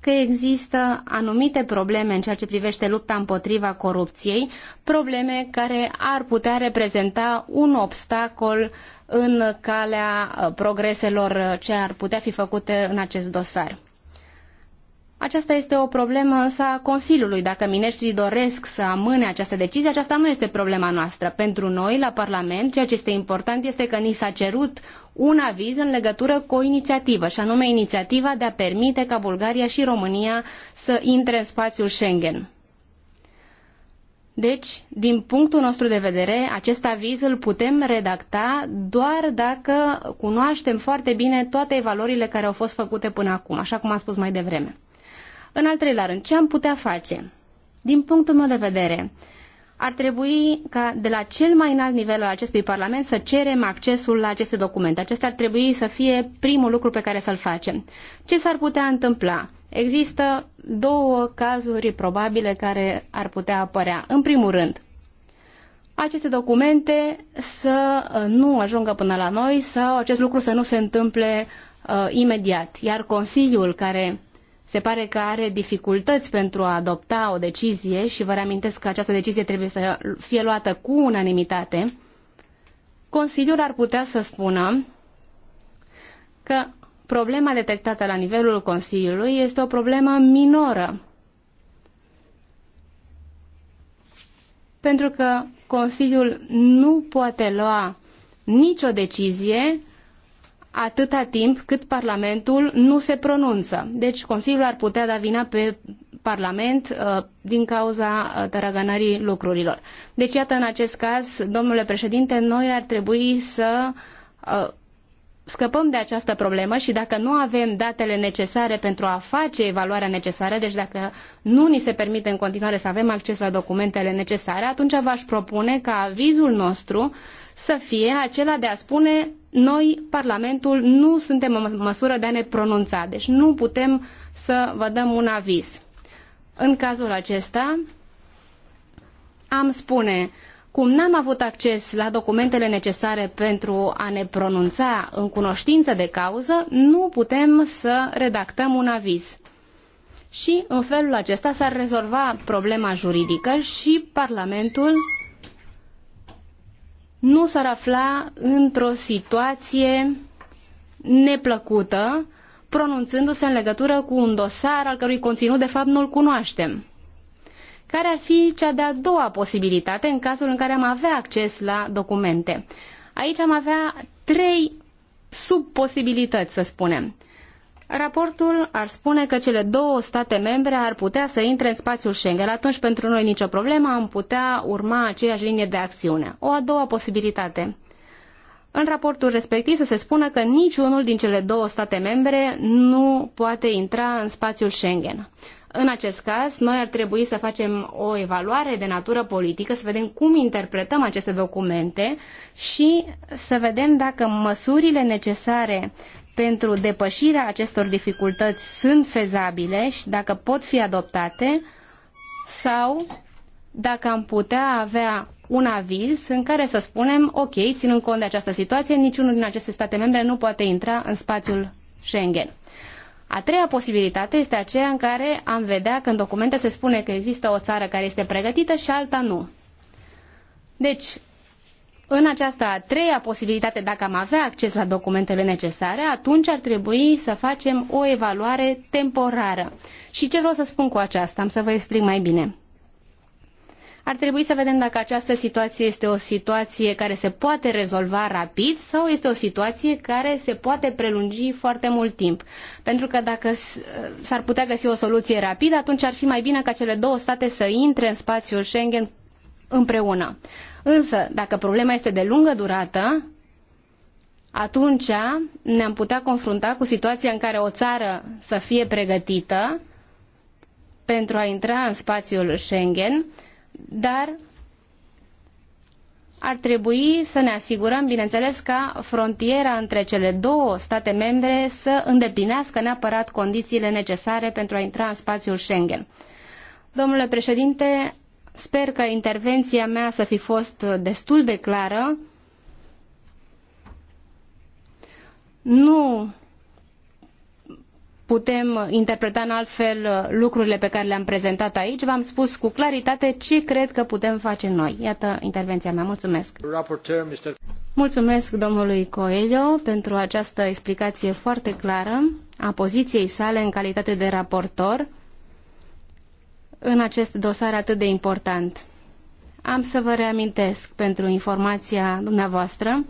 că există anumite probleme în ceea ce privește lupta împotriva corupției, probleme care ar putea reprezenta un obstacol în calea progreselor ce ar putea fi făcute în acest dosar. Aceasta este o problemă însă a Consiliului. Dacă miniștrii doresc să amâne această decizie, aceasta nu este problema noastră. Pentru noi, la Parlament, ceea ce este important este că ni s-a cerut un aviz în legătură cu o inițiativă, și anume inițiativa de a permite ca Bulgaria și România să intre în spațiul Schengen. Deci, din punctul nostru de vedere, acest aviz îl putem redacta doar dacă cunoaștem foarte bine toate evaluările care au fost făcute până acum, așa cum am spus mai devreme. În al treilea rând, ce am putea face? Din punctul meu de vedere, uh, ar trebui ca de la cel mai înalt nivel al acestui Parlament să cerem accesul la aceste documente. Acesta ar trebui să fie primul lucru pe care să-l facem. Ce s-ar putea întâmpla? Există două cazuri probabile care ar putea apărea. În primul rând, aceste documente să uh, nu ajungă până la noi sau acest lucru să nu se întâmple uh, imediat. Iar Consiliul, care se pare că are dificultăți pentru a adopta o decizie și vă reamintesc că această decizie trebuie să fie luată cu unanimitate, Consiliul ar putea să spună că problema detectată la nivelul Consiliului este o problemă minoră. Pentru că Consiliul nu poate lua nicio decizie atâta timp cât Parlamentul nu se pronunță. Deci Consiliul ar putea da vina pe Parlament uh, din cauza uh, taraganării lucrurilor. Deci, iată, în acest caz, domnule președinte, noi ar trebui să uh, scăpăm de această problemă și dacă nu avem datele necesare pentru a face evaluarea necesară, deci dacă nu ni se permite în continuare să avem acces la documentele necesare, atunci v-aș propune ca avizul nostru să fie acela de a spune noi, Parlamentul, nu suntem în măsură de a ne pronunța, deci nu putem să vă dăm un aviz. În cazul acesta, am spune cum n-am avut acces la documentele necesare pentru a ne pronunța în cunoștință de cauză, nu putem să redactăm un aviz. Și în felul acesta s-ar rezolva problema juridică și Parlamentul nu s-ar afla într-o situație neplăcută, pronunțându-se în legătură cu un dosar al cărui conținut de fapt nu-l cunoaștem care ar fi cea de-a doua posibilitate în cazul în care am avea acces la documente. Aici am avea trei subposibilități, să spunem. Raportul ar spune că cele două state membre ar putea să intre în spațiul Schengen. Atunci, pentru noi, nicio problemă, am putea urma aceeași linie de acțiune. O a doua posibilitate. În raportul respectiv să se spună că niciunul din cele două state membre nu poate intra în spațiul Schengen. În acest caz, noi ar trebui să facem o evaluare de natură politică, să vedem cum interpretăm aceste documente și să vedem dacă măsurile necesare pentru depășirea acestor dificultăți sunt fezabile și dacă pot fi adoptate sau dacă am putea avea un aviz în care să spunem, ok, ținând cont de această situație, niciunul din aceste state membre nu poate intra în spațiul Schengen. A treia posibilitate este aceea în care am vedea că în documente se spune că există o țară care este pregătită și alta nu. Deci, în această a treia posibilitate, dacă am avea acces la documentele necesare, atunci ar trebui să facem o evaluare temporară. Și ce vreau să spun cu aceasta? Am să vă explic mai bine ar trebui să vedem dacă această situație este o situație care se poate rezolva rapid sau este o situație care se poate prelungi foarte mult timp. Pentru că dacă s-ar putea găsi o soluție rapidă, atunci ar fi mai bine ca cele două state să intre în spațiul Schengen împreună. Însă, dacă problema este de lungă durată, atunci ne-am putea confrunta cu situația în care o țară să fie pregătită pentru a intra în spațiul Schengen dar ar trebui să ne asigurăm, bineînțeles, ca frontiera între cele două state membre să îndeplinească neapărat condițiile necesare pentru a intra în spațiul Schengen. Domnule președinte, sper că intervenția mea să fi fost destul de clară. Nu putem interpreta în altfel uh, lucrurile pe care le-am prezentat aici. V-am spus cu claritate ce cred că putem face noi. Iată intervenția mea. Mulțumesc. Mulțumesc domnului Coelho pentru această explicație foarte clară a poziției sale în calitate de raportor în acest dosar atât de important. Am să vă reamintesc pentru informația dumneavoastră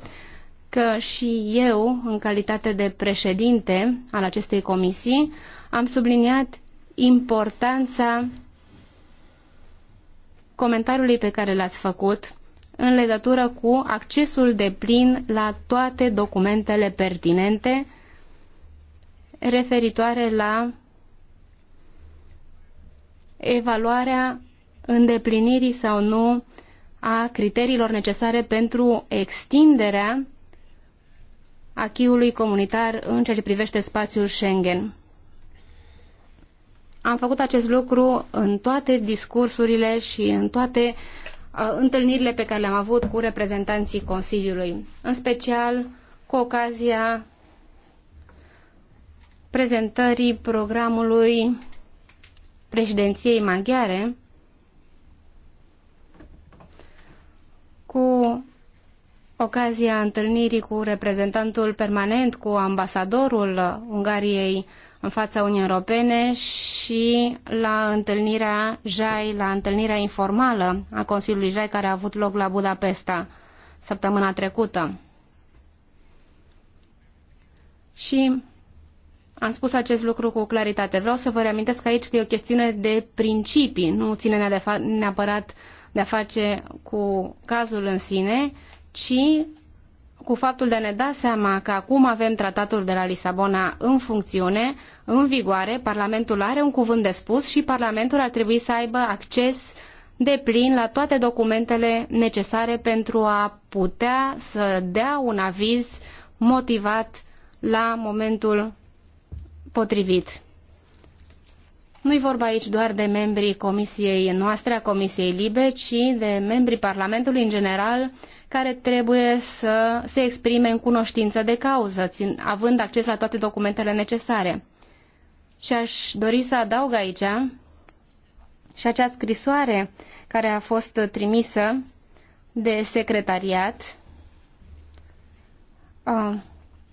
că și eu, în calitate de președinte al acestei comisii, am subliniat importanța comentariului pe care l-ați făcut în legătură cu accesul de plin la toate documentele pertinente referitoare la evaluarea îndeplinirii sau nu a criteriilor necesare pentru extinderea acquis-ului comunitar în ceea ce privește spațiul Schengen. Am făcut acest lucru în toate discursurile și în toate uh, întâlnirile pe care le-am avut cu reprezentanții Consiliului, în special cu ocazia prezentării programului președinției maghiare cu ocazia întâlnirii cu reprezentantul permanent, cu ambasadorul Ungariei în fața Uniunii Europene și la întâlnirea JAI, la întâlnirea informală a Consiliului JAI care a avut loc la Budapesta săptămâna trecută. Și am spus acest lucru cu claritate. Vreau să vă reamintesc aici că e o chestiune de principii, nu ține neapărat de a face cu cazul în sine, ci cu faptul de a ne da seama că acum avem tratatul de la Lisabona în funcțiune, în vigoare, Parlamentul are un cuvânt de spus și Parlamentul ar trebui să aibă acces deplin la toate documentele necesare pentru a putea să dea un aviz motivat la momentul potrivit. Nu-i vorba aici doar de membrii comisiei noastre, a Comisiei Libe, ci de membrii Parlamentului în general, care trebuie să se exprime în cunoștință de cauză, țin, având acces la toate documentele necesare. Și aș dori să adaug aici și acea scrisoare care a fost trimisă de secretariat,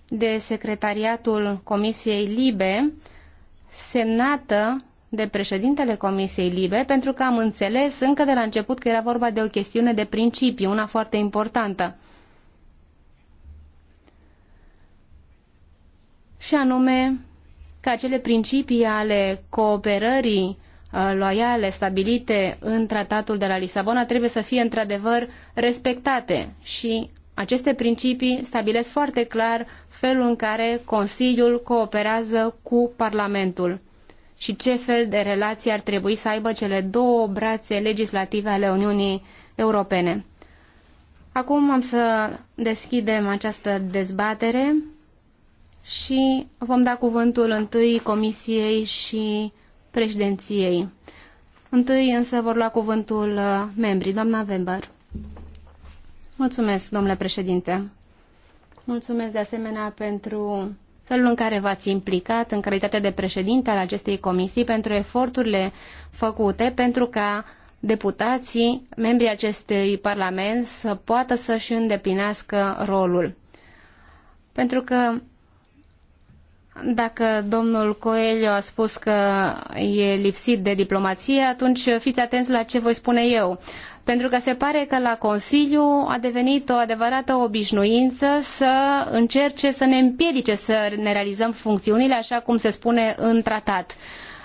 de secretariatul Comisiei Libe, semnată de președintele Comisiei Libe pentru că am înțeles încă de la început că era vorba de o chestiune de principiu, una foarte importantă. Și anume că acele principii ale cooperării uh, loiale stabilite în tratatul de la Lisabona trebuie să fie într-adevăr respectate și aceste principii stabilesc foarte clar felul în care Consiliul cooperează cu Parlamentul și ce fel de relații ar trebui să aibă cele două brațe legislative ale Uniunii Europene. Acum am să deschidem această dezbatere și vom da cuvântul întâi Comisiei și președinției. Întâi însă vor lua cuvântul uh, membrii. Doamna Weber. Mulțumesc, domnule președinte. Mulțumesc de asemenea pentru felul în care v-ați implicat în calitate de președinte al acestei comisii pentru eforturile făcute pentru ca deputații, membrii acestui parlament, să poată să-și îndeplinească rolul. Pentru că dacă domnul Coelho a spus că e lipsit de diplomație, atunci fiți atenți la ce voi spune eu pentru că se pare că la Consiliu a devenit o adevărată obișnuință să încerce să ne împiedice să ne realizăm funcțiunile așa cum se spune în tratat.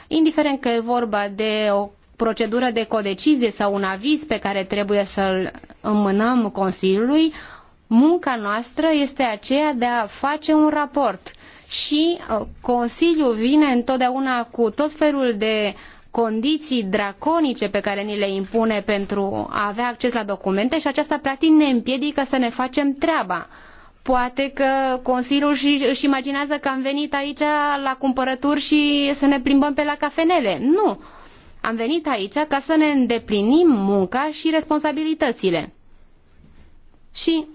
Indiferent că e vorba de o procedură de codecizie sau un aviz pe care trebuie să-l înmânăm Consiliului, munca noastră este aceea de a face un raport. Și uh, Consiliul vine întotdeauna cu tot felul de uh, condiții draconice pe care ni le impune pentru a avea acces la documente și aceasta practic ne împiedică să ne facem treaba. Poate că Consiliul își imaginează că am venit aici la cumpărături și să ne plimbăm pe la cafenele. Nu! Am venit aici ca să ne îndeplinim munca și responsabilitățile. Și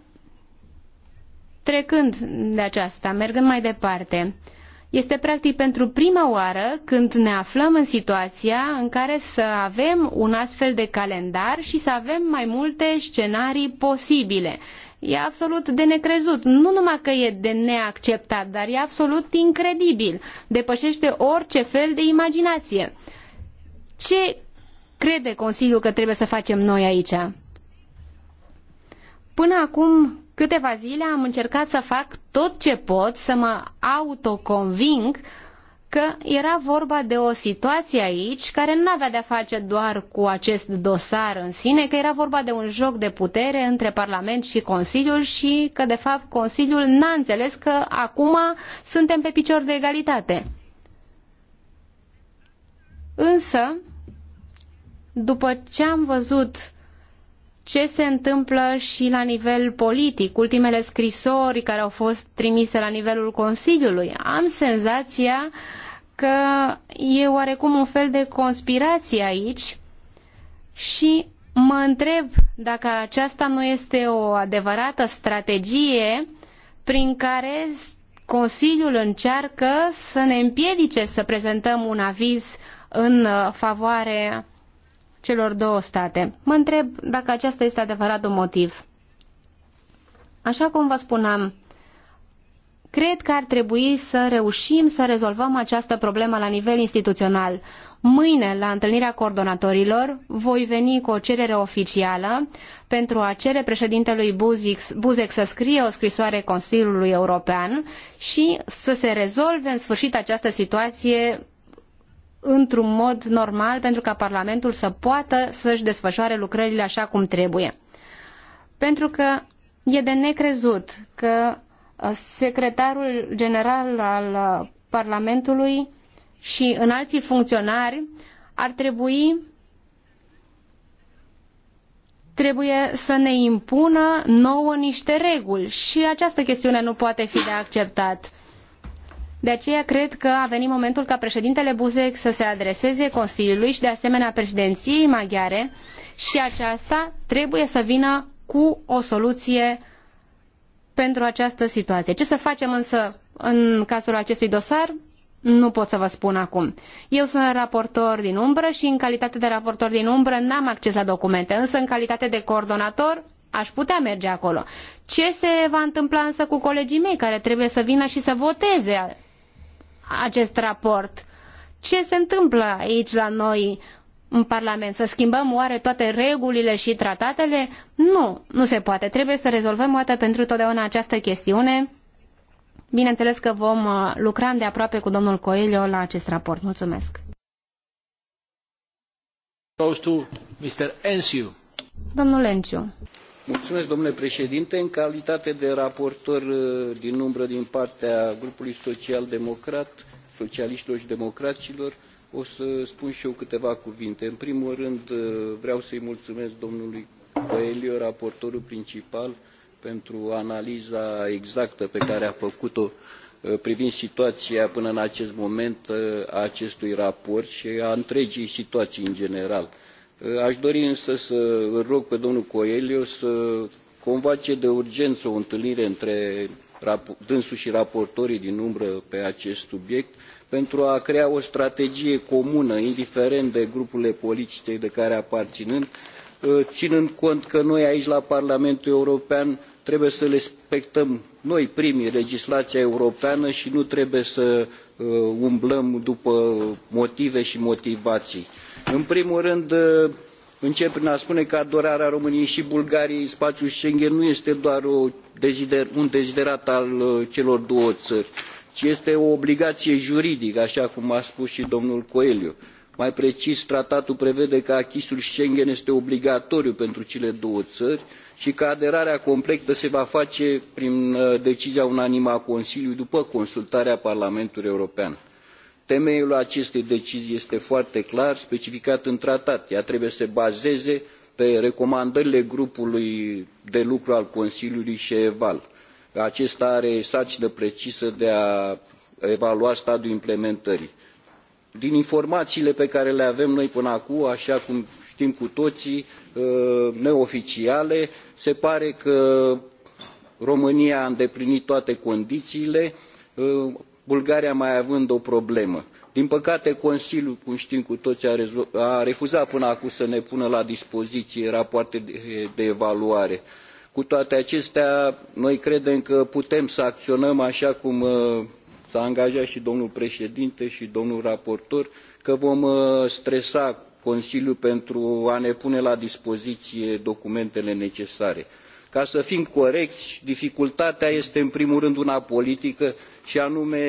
trecând de aceasta, mergând mai departe, uh, este practic pentru prima oară când ne aflăm în situația în care să avem un astfel de calendar și să avem mai multe scenarii posibile. E absolut de necrezut. Nu numai că e de neacceptat, dar e absolut incredibil. Depășește orice fel de imaginație. Ce crede Consiliul că trebuie să facem noi aici? Până acum, câteva zile am încercat să fac tot ce pot să mă autoconving că era vorba de o situație aici care nu avea de-a face doar cu acest dosar în sine, că era vorba de un joc de putere între Parlament și Consiliul și că, de fapt, Consiliul n-a înțeles că acum suntem pe picior de egalitate. Însă, după ce am văzut ce se întâmplă și la nivel politic, ultimele scrisori care au fost trimise la nivelul Consiliului. Am senzația că e oarecum un fel de conspirație aici și mă întreb dacă aceasta nu este o adevărată strategie prin care Consiliul încearcă să ne împiedice să prezentăm un aviz în favoarea celor două state. Mă întreb dacă aceasta este adevărat un motiv. Așa cum vă spuneam, cred că ar trebui să reușim să rezolvăm această problemă la nivel instituțional. Mâine, la întâlnirea coordonatorilor, voi veni cu o cerere oficială pentru a cere președintelui Buzek să scrie o scrisoare Consiliului European și să se rezolve în sfârșit această situație într-un mod normal pentru ca Parlamentul să poată să-și desfășoare lucrările așa cum trebuie. Pentru că e de necrezut că uh, secretarul general al uh, Parlamentului și în alții funcționari ar trebui trebuie să ne impună nouă niște reguli și această chestiune nu poate fi de acceptat. De aceea cred că a venit momentul ca președintele Buzek să se adreseze Consiliului și de asemenea președinției maghiare și aceasta trebuie să vină cu o soluție pentru această situație. Ce să facem însă în cazul acestui dosar? Nu pot să vă spun acum. Eu sunt raportor din umbră și în calitate de raportor din umbră n-am acces la documente, însă în calitate de coordonator aș putea merge acolo. Ce se va întâmpla însă cu colegii mei care trebuie să vină și să voteze acest raport. Ce se întâmplă aici la noi în Parlament? Să schimbăm oare toate regulile și tratatele? Nu, nu se poate. Trebuie să rezolvăm o dată pentru totdeauna această chestiune. Bineînțeles că vom uh, lucra de aproape cu domnul Coelho la acest raport. Mulțumesc. Goes to Mr. Enciu. Domnul Enciu. Mulțumesc, domnule președinte. În calitate de raportor uh, din umbră din partea grupului social-democrat, socialiștilor și democraților, o să spun și eu câteva cuvinte. În primul rând, uh, vreau să-i mulțumesc domnului Coelho, raportorul principal, pentru analiza exactă pe care a făcut-o uh, privind situația până în acest moment a acestui raport și a întregii situații în general. Eh, aș dori însă să îl rog pe domnul Coelho să convoace de urgență o întâlnire între dânsul și raportorii din umbră pe acest subiect pentru a crea o strategie comună, indiferent de grupurile politice de care aparținând, eh, ținând cont că noi aici la Parlamentul European trebuie să respectăm noi primii legislația europeană și nu trebuie să eh, umblăm după motive și motivații. În primul rând, uh, încep prin a spune că aderarea României și Bulgariei în spațiul Schengen nu este doar dezider, un deziderat al uh, celor două țări, ci este o obligație juridică, așa cum a spus și domnul Coelho. Mai precis, tratatul prevede că achisul Schengen este obligatoriu pentru cele două țări și că aderarea completă se va face prin uh, decizia unanimă a Consiliului după consultarea Parlamentului European. Temeiul acestei decizii este foarte clar specificat în tratat. Ea trebuie să se bazeze pe recomandările grupului de lucru al Consiliului și EVAL. Acesta are sarcină precisă de a evalua stadiul implementării. Din informațiile pe care le avem noi până acum, așa cum știm cu toții, ă, neoficiale, se pare că România a îndeplinit toate condițiile, ă, bulgaria mai având o problemă. din păcate consiliul cum tim cu toii a, a refuzat până acum să ne pună la dispoziie rapoarte de, de evaluare. cu toate acestea noi credem că putem să acionăm aa cum uh, s a angajat i domnul preedinte i domnul raportor că vom uh, stresa consiliul pentru a ne pune la dispoziie documentele necesare. Ca să fim corecți, dificultatea este în primul rând una politică și anume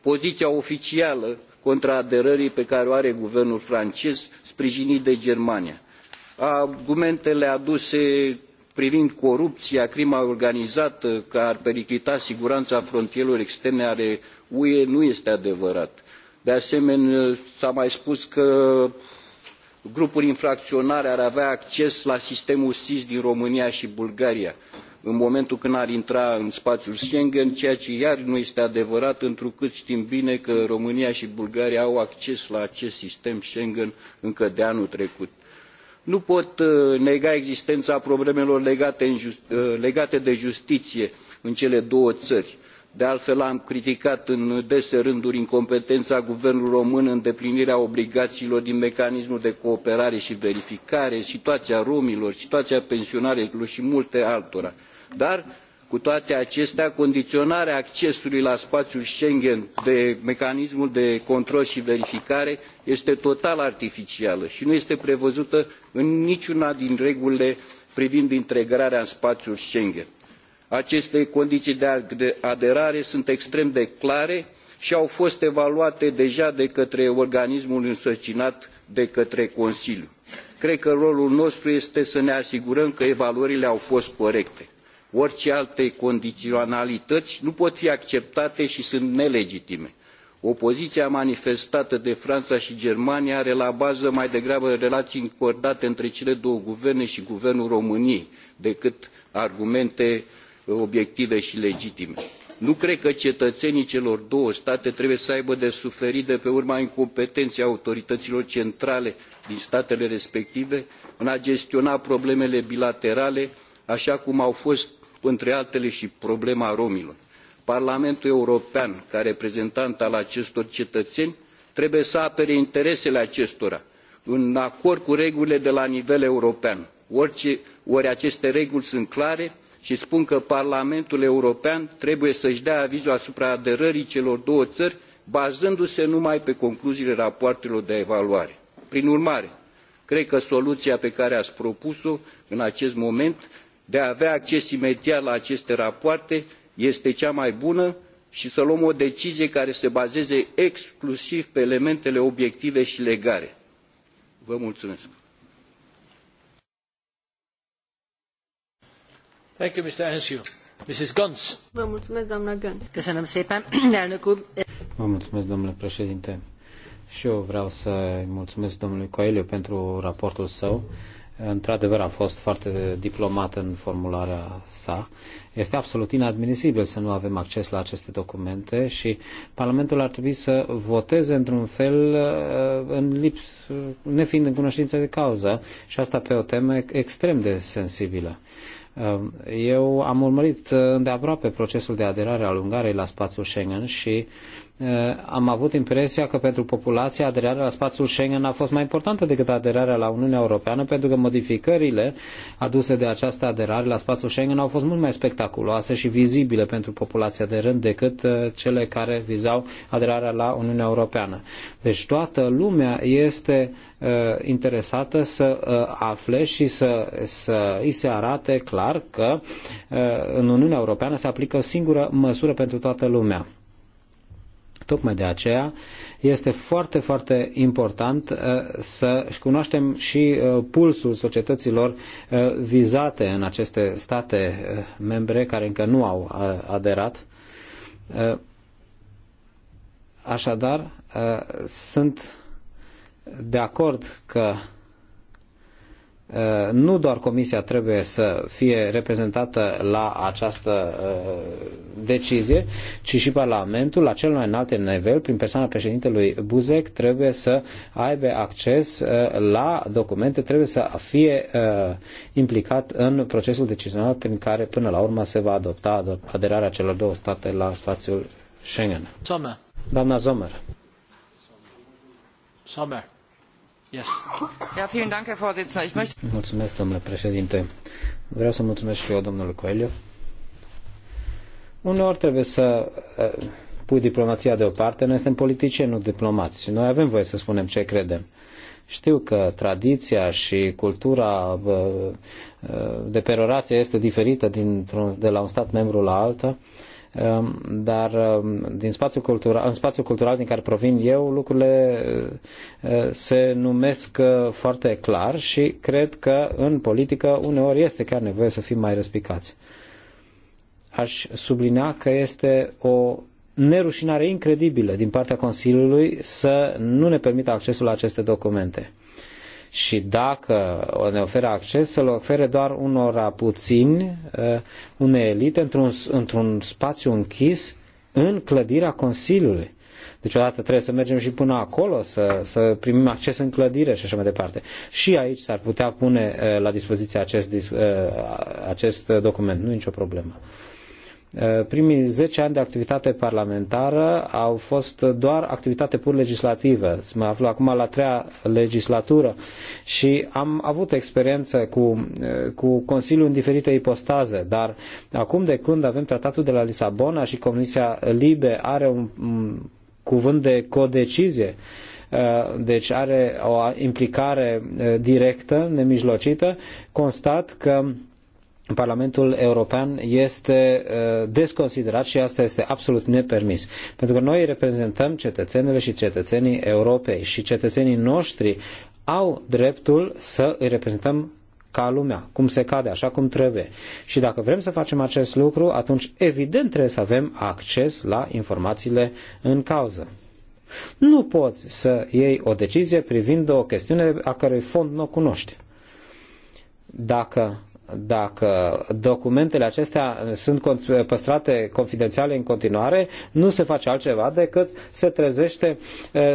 poziția oficială contra aderării pe care o are guvernul francez, sprijinit de Germania. Argumentele aduse privind corupția, crima organizată, că ar periclita siguranța frontierelor externe ale UE, nu este adevărat. De asemenea, s-a mai spus că grupuri infracionare ar avea acces la sistemul sis din românia i bulgaria în momentul când ar intra în spaiul schengen ceea ce iar nu este adevărat întrucât tim bine că românia i bulgaria au acces la acest sistem schengen încă de anul trecut. nu pot uh, nega existena problemelor legate uh, de justiie în cele două ări de altfel am criticat în dese rânduri incompetena guvernului român în îndeplinirea obligaiilor din mecanismul de cooperare i verificare situaia romilor situaia pensionarilor i multe altora dar cu toate acestea condiionarea accesului la spaiul schengen de mecanismul de control i verificare este total artificială i nu este prevăzută în niciuna din regulile privind integrarea în spaiul schengen aceste condiții de aderare sunt extrem de clare și au fost evaluate deja de către organismul însărcinat de către Consiliu. Cred că rolul nostru este să ne asigurăm că evaluările au fost corecte. Orice alte condiționalități nu pot fi acceptate și sunt nelegitime. Opoziția manifestată de Franța și Germania are la bază mai degrabă relații încordate între cele două guverne și guvernul României decât argumente obiective și legitime. Nu cred că cetățenii celor două state trebuie să aibă de suferit de pe urma incompetenței autorităților centrale din statele respective în a gestiona problemele bilaterale, așa cum au fost, între altele, și problema romilor. Parlamentul European, ca reprezentant al acestor cetățeni, trebuie să apere interesele acestora, în acord cu regulile de la nivel european. Orice, ori aceste reguli sunt clare, și spun că Parlamentul European trebuie să-și dea avizul asupra aderării celor două țări, bazându-se numai pe concluziile rapoartelor de evaluare. Prin urmare, cred că soluția pe care ai propus-o în acest moment de a avea acces imediat la aceste rapoarte este cea mai bună și să luăm o decizie care se bazeze exclusiv pe elementele obiective și legale. Vă mulțumesc. mulțumesc, mulțumesc, Și eu vreau să mulțumesc domnului Coelho pentru raportul său. Într-adevăr a fost foarte diplomat în formularea sa. Este absolut inadmisibil să nu avem acces la aceste documente și Parlamentul ar trebui să voteze într-un fel uh, în lips, uh, nefiind în cunoștință de cauză și asta pe o temă extrem de sensibilă. Ehm, eu am urmărit eh, îndeaproape procesul de aderare al Ungariei la spațiul Schengen și Eh, am avut impresia că pentru populația aderarea la spațiul Schengen a fost mai importantă decât aderarea la Uniunea Europeană, pentru că modificările aduse de această aderare la spațiul Schengen au fost mult mai spectaculoase și vizibile pentru populația de rând decât eh, cele care vizau aderarea la Uniunea Europeană. Deci toată lumea este eh, interesată să afle și să, să îi se arate clar că în Uniunea Europeană se aplică o singură măsură pentru toată lumea Tocmai de aceea este foarte, foarte important uh, să cunoaștem și uh, pulsul societăților uh, vizate în aceste state membre care încă nu au aderat. Așadar, sunt de acord că Uh, nu doar Comisia trebuie să fie reprezentată la această uh, decizie, ci și Parlamentul, la cel mai înalt nivel, prin persoana președintelui Buzek, trebuie să aibă acces uh, la documente, trebuie să fie implicat în procesul decizional prin care până la urmă se va adopta aderarea celor două state la spațiul Schengen. Sommer. Doamna Sommer. Sommer. Yes. Ja, vielen Dank, Herr Vorsitzender. Ich möchte... Mulțumesc, domnule președinte. Vreau să mulțumesc și eu, domnului Coelho. Uneori trebuie să eh, pui diplomația deoparte. Noi suntem politicieni, nu diplomați. Și noi avem voie să spunem ce credem. Știu că tradiția și cultura eh, eh, de perorație este diferită din, de la un stat membru la altă. Um, dar um, din spațiul cultural, în spațiul cultural din care provin eu, lucrurile uh, uh, se numesc uh, foarte clar și cred că în politică uneori este chiar nevoie să fim mai răspicați. Aș sublinea că este o nerușinare incredibilă din partea Consiliului să nu ne permită accesul la aceste documente și dacă o ne oferă acces, să-l ofere doar unora puțini, uh, unei elite, într-un, într-un spațiu închis, în clădirea Consiliului. Deci odată trebuie să mergem și până acolo, să, să primim acces în clădire și așa mai departe. Și aici s-ar putea pune uh, la dispoziție acest, uh, acest document, nu nicio problemă. Eh, primii 10 ani de activitate parlamentară au fost doar activitate pur legislativă. Mă aflu acum la treia legislatură și am avut experiență cu, eh, cu Consiliul în diferite ipostaze, dar acum de când avem tratatul de la Lisabona și Comisia Libe are un cuvânt de codecizie, eh, deci are o implicare directă, nemijlocită, constat că Parlamentul European este uh, desconsiderat și asta este absolut nepermis. Pentru că noi reprezentăm cetățenele și cetățenii Europei și cetățenii noștri au dreptul să îi reprezentăm ca lumea, cum se cade, așa cum trebuie. Și dacă vrem să facem acest lucru, atunci evident trebuie să avem acces la informațiile în cauză. Nu poți să iei o decizie privind o chestiune a cărei fond nu o cunoști. Dacă dacă documentele acestea sunt păstrate confidențiale în continuare, nu se face altceva decât se trezește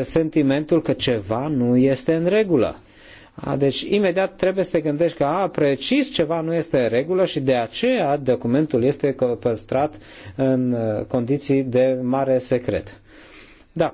sentimentul că ceva nu este în regulă. A, deci imediat trebuie să te gândești că a, precis ceva nu este în regulă și de aceea documentul este păstrat în condiții de mare secret. Da,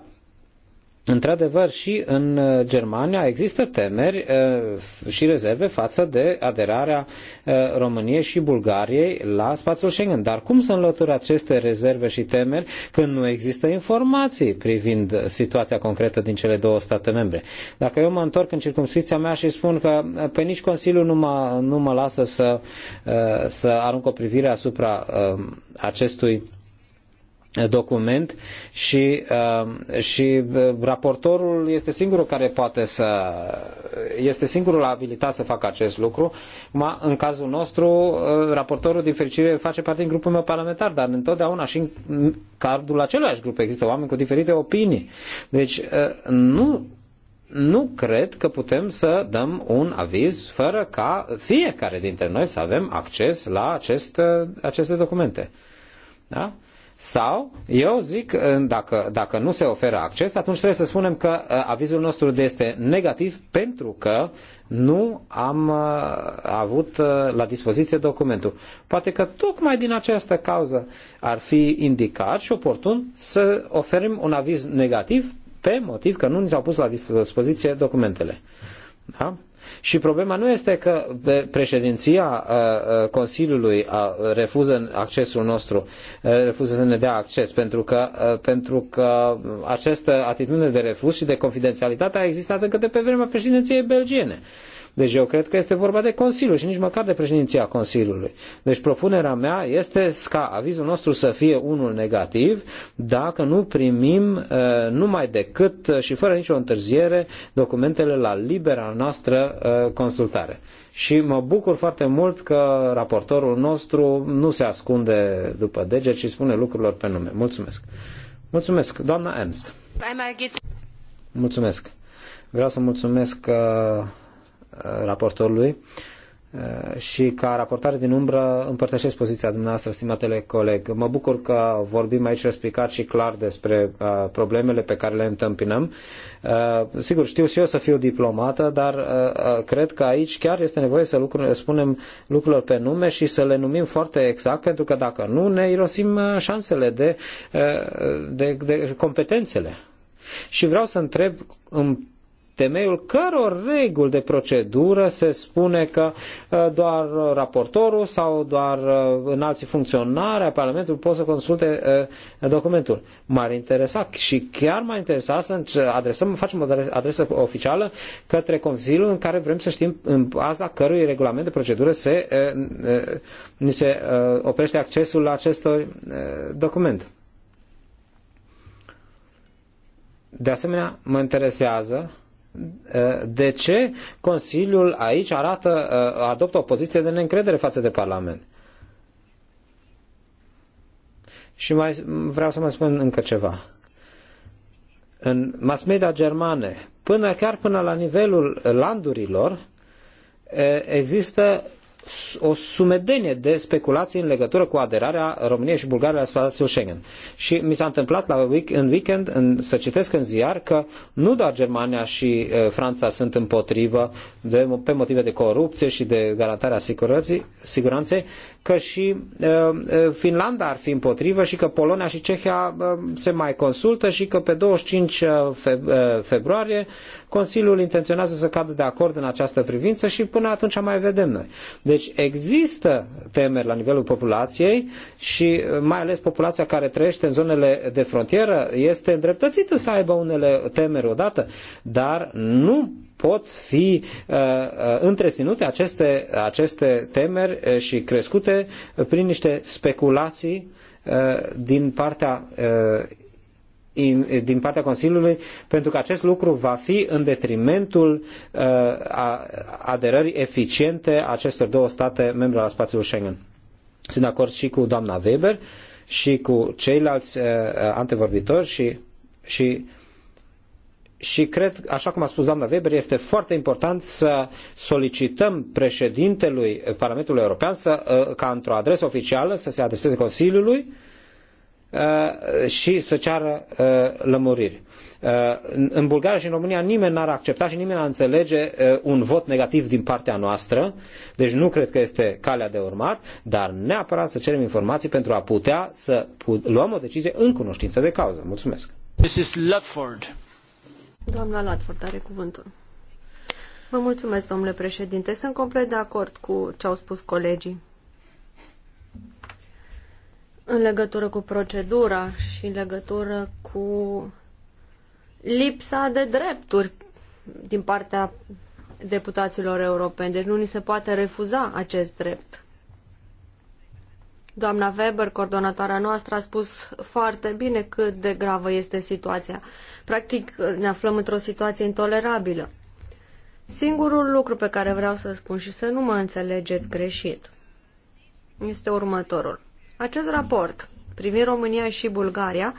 Într-adevăr, și în uh, Germania există temeri uh, și rezerve față de aderarea uh, României și Bulgariei la spațiul Schengen. Dar cum să înlături aceste rezerve și temeri când nu există informații privind situația concretă din cele două state membre? Dacă eu mă întorc în circunscripția mea și spun că pe nici Consiliul nu mă, nu mă lasă să, să arunc o privire asupra acestui document și, uh, și uh, raportorul este singurul care poate să este singurul abilitat să facă acest lucru. În cazul nostru, uh, raportorul din fericire face parte din grupul meu parlamentar, dar întotdeauna și în cadrul același grup există oameni cu diferite opinii. Deci nu nu cred că putem să dăm un aviz fără ca fiecare dintre noi să avem acces la acest, aceste documente. Da? Sau, eu zic, dacă, dacă nu se oferă acces, atunci trebuie să spunem că uh, avizul nostru este negativ pentru că nu am uh, avut uh, la dispoziție documentul. Poate că tocmai din această cauză ar fi indicat și oportun să oferim un aviz negativ pe motiv că nu ni s-au pus la dispoziție documentele. Da? Și problema nu este că președinția uh, uh, Consiliului uh, refuză accesul nostru, refuză să ne dea acces, pentru că, pentru că această atitudine de refuz și de confidențialitate a existat încă de pe vremea președinției belgiene. Deci eu cred că este vorba de Consiliu și nici măcar de președinția Consiliului. Deci propunerea mea este ca avizul nostru să fie unul negativ dacă nu primim uh, numai decât uh, și fără nicio întârziere documentele la libera noastră uh, consultare. Și mă bucur foarte mult că raportorul nostru nu se ascunde după deget și spune lucrurilor pe nume. Mulțumesc. Mulțumesc, doamna Ernst. Mulțumesc. Vreau să mulțumesc Uh, raportorului uh, și ca raportare din umbră împărtășesc poziția dumneavoastră, stimatele coleg. Mă bucur că vorbim aici explicat și clar despre uh, problemele pe care le întâmpinăm. Uh, sigur, știu și eu să fiu diplomată, dar uh, uh cred că aici chiar este nevoie să lucru- spunem lucrurile pe nume și să le numim foarte exact, pentru că dacă nu, ne irosim șansele de, de, de competențele. Și vreau să întreb în temeiul căror reguli de procedură se spune că uh, doar raportorul sau doar uh, alții funcționari ai Parlamentului pot să consulte uh, documentul. M-ar interesa și chiar m-ar interesa să adresăm, facem o adresă oficială către Consiliul în care vrem să știm în baza cărui regulament de procedură se, ni se oprește accesul la acest document. De asemenea, mă interesează Eh, de ce Consiliul aici arată, eh, adoptă o poziție de neîncredere față de Parlament. Și mai vreau să mai spun încă ceva. În mass media germane, până chiar până la nivelul landurilor, eh, există o sumedenie de speculații în legătură cu aderarea României și Bulgariei la spațiul Schengen. Și mi s-a întâmplat la week, în weekend în, să citesc în ziar că nu doar Germania și uh, Franța sunt împotrivă de, pe motive de corupție și de garantarea siguranței, că și uh, Finlanda ar fi împotrivă și că Polonia și Cehia uh, se mai consultă și că pe 25 fe, februarie Consiliul intenționează să cadă de acord în această privință și până atunci mai vedem noi. Deci există temeri la nivelul populației și uh, mai ales populația care trăiește în zonele de frontieră este îndreptățită să aibă unele temeri odată, dar nu pot fi uh, uh întreținute aceste, aceste temeri uh, și crescute prin niște speculații uh, din partea din partea Consiliului, pentru că acest lucru va fi în detrimentul uh, aderării eficiente a acestor două state membre ale spațiul Schengen. Sunt de acord și cu doamna Weber și cu ceilalți uh, uh, antevorbitori și, și și cred, așa cum a spus doamna Weber, este foarte important să solicităm președintelui Parlamentului European să, ca într-o adresă oficială să se adreseze Consiliului uh, Uh, și să ceară uh, lămuriri. Uh, în Bulgaria și în România nimeni n-ar accepta și nimeni n-ar înțelege un vot negativ din partea noastră, deci nu cred că este calea de urmat, dar neapărat să cerem informații pentru a putea să luăm o decizie în cunoștință de cauză. Mulțumesc! Mrs. Ludford. Doamna Ludford are cuvântul. Vă mulțumesc, domnule președinte. Sunt complet de acord cu ce au spus colegii în legătură cu procedura și în legătură cu lipsa de drepturi din partea deputaților europeni. Deci nu ni se poate refuza acest drept. Doamna Weber, coordonatoarea noastră, a spus foarte bine cât de gravă este situația. Practic, ne aflăm într-o situație intolerabilă. Singurul lucru pe care vreau să spun și să nu mă înțelegeți greșit este următorul. Acest raport privind România și Bulgaria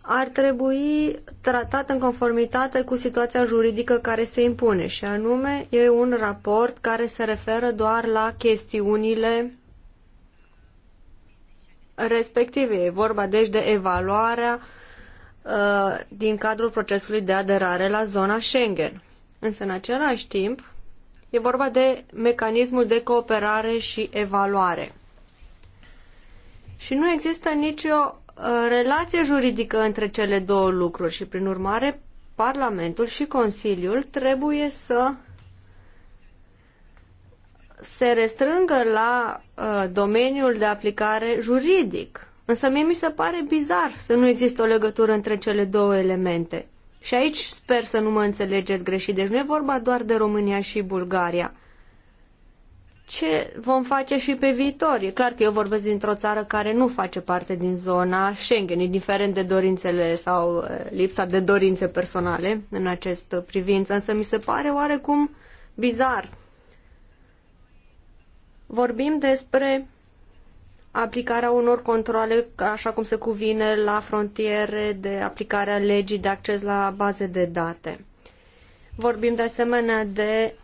ar trebui tratat în conformitate cu situația juridică care se impune și anume e un raport care se referă doar la chestiunile respective. E vorba deci de evaluarea uh, din cadrul procesului de aderare la zona Schengen. Însă în același timp e vorba de mecanismul de cooperare și evaluare. Și nu există nicio uh, relație juridică între cele două lucruri și, prin urmare, Parlamentul și Consiliul trebuie să se restrângă la uh, domeniul de aplicare juridic. Însă mie mi se pare bizar să nu există o legătură între cele două elemente. Și aici sper să nu mă înțelegeți greșit. Deci nu e vorba doar de România și Bulgaria ce vom face și pe viitor. E clar că eu vorbesc dintr-o țară care nu face parte din zona Schengen, indiferent de dorințele sau uh, lipsa de dorințe personale în acest privință, însă mi se pare oarecum bizar. Vorbim despre aplicarea unor controle, așa cum se cuvine, la frontiere, de aplicarea legii de acces la baze de date. Vorbim de asemenea de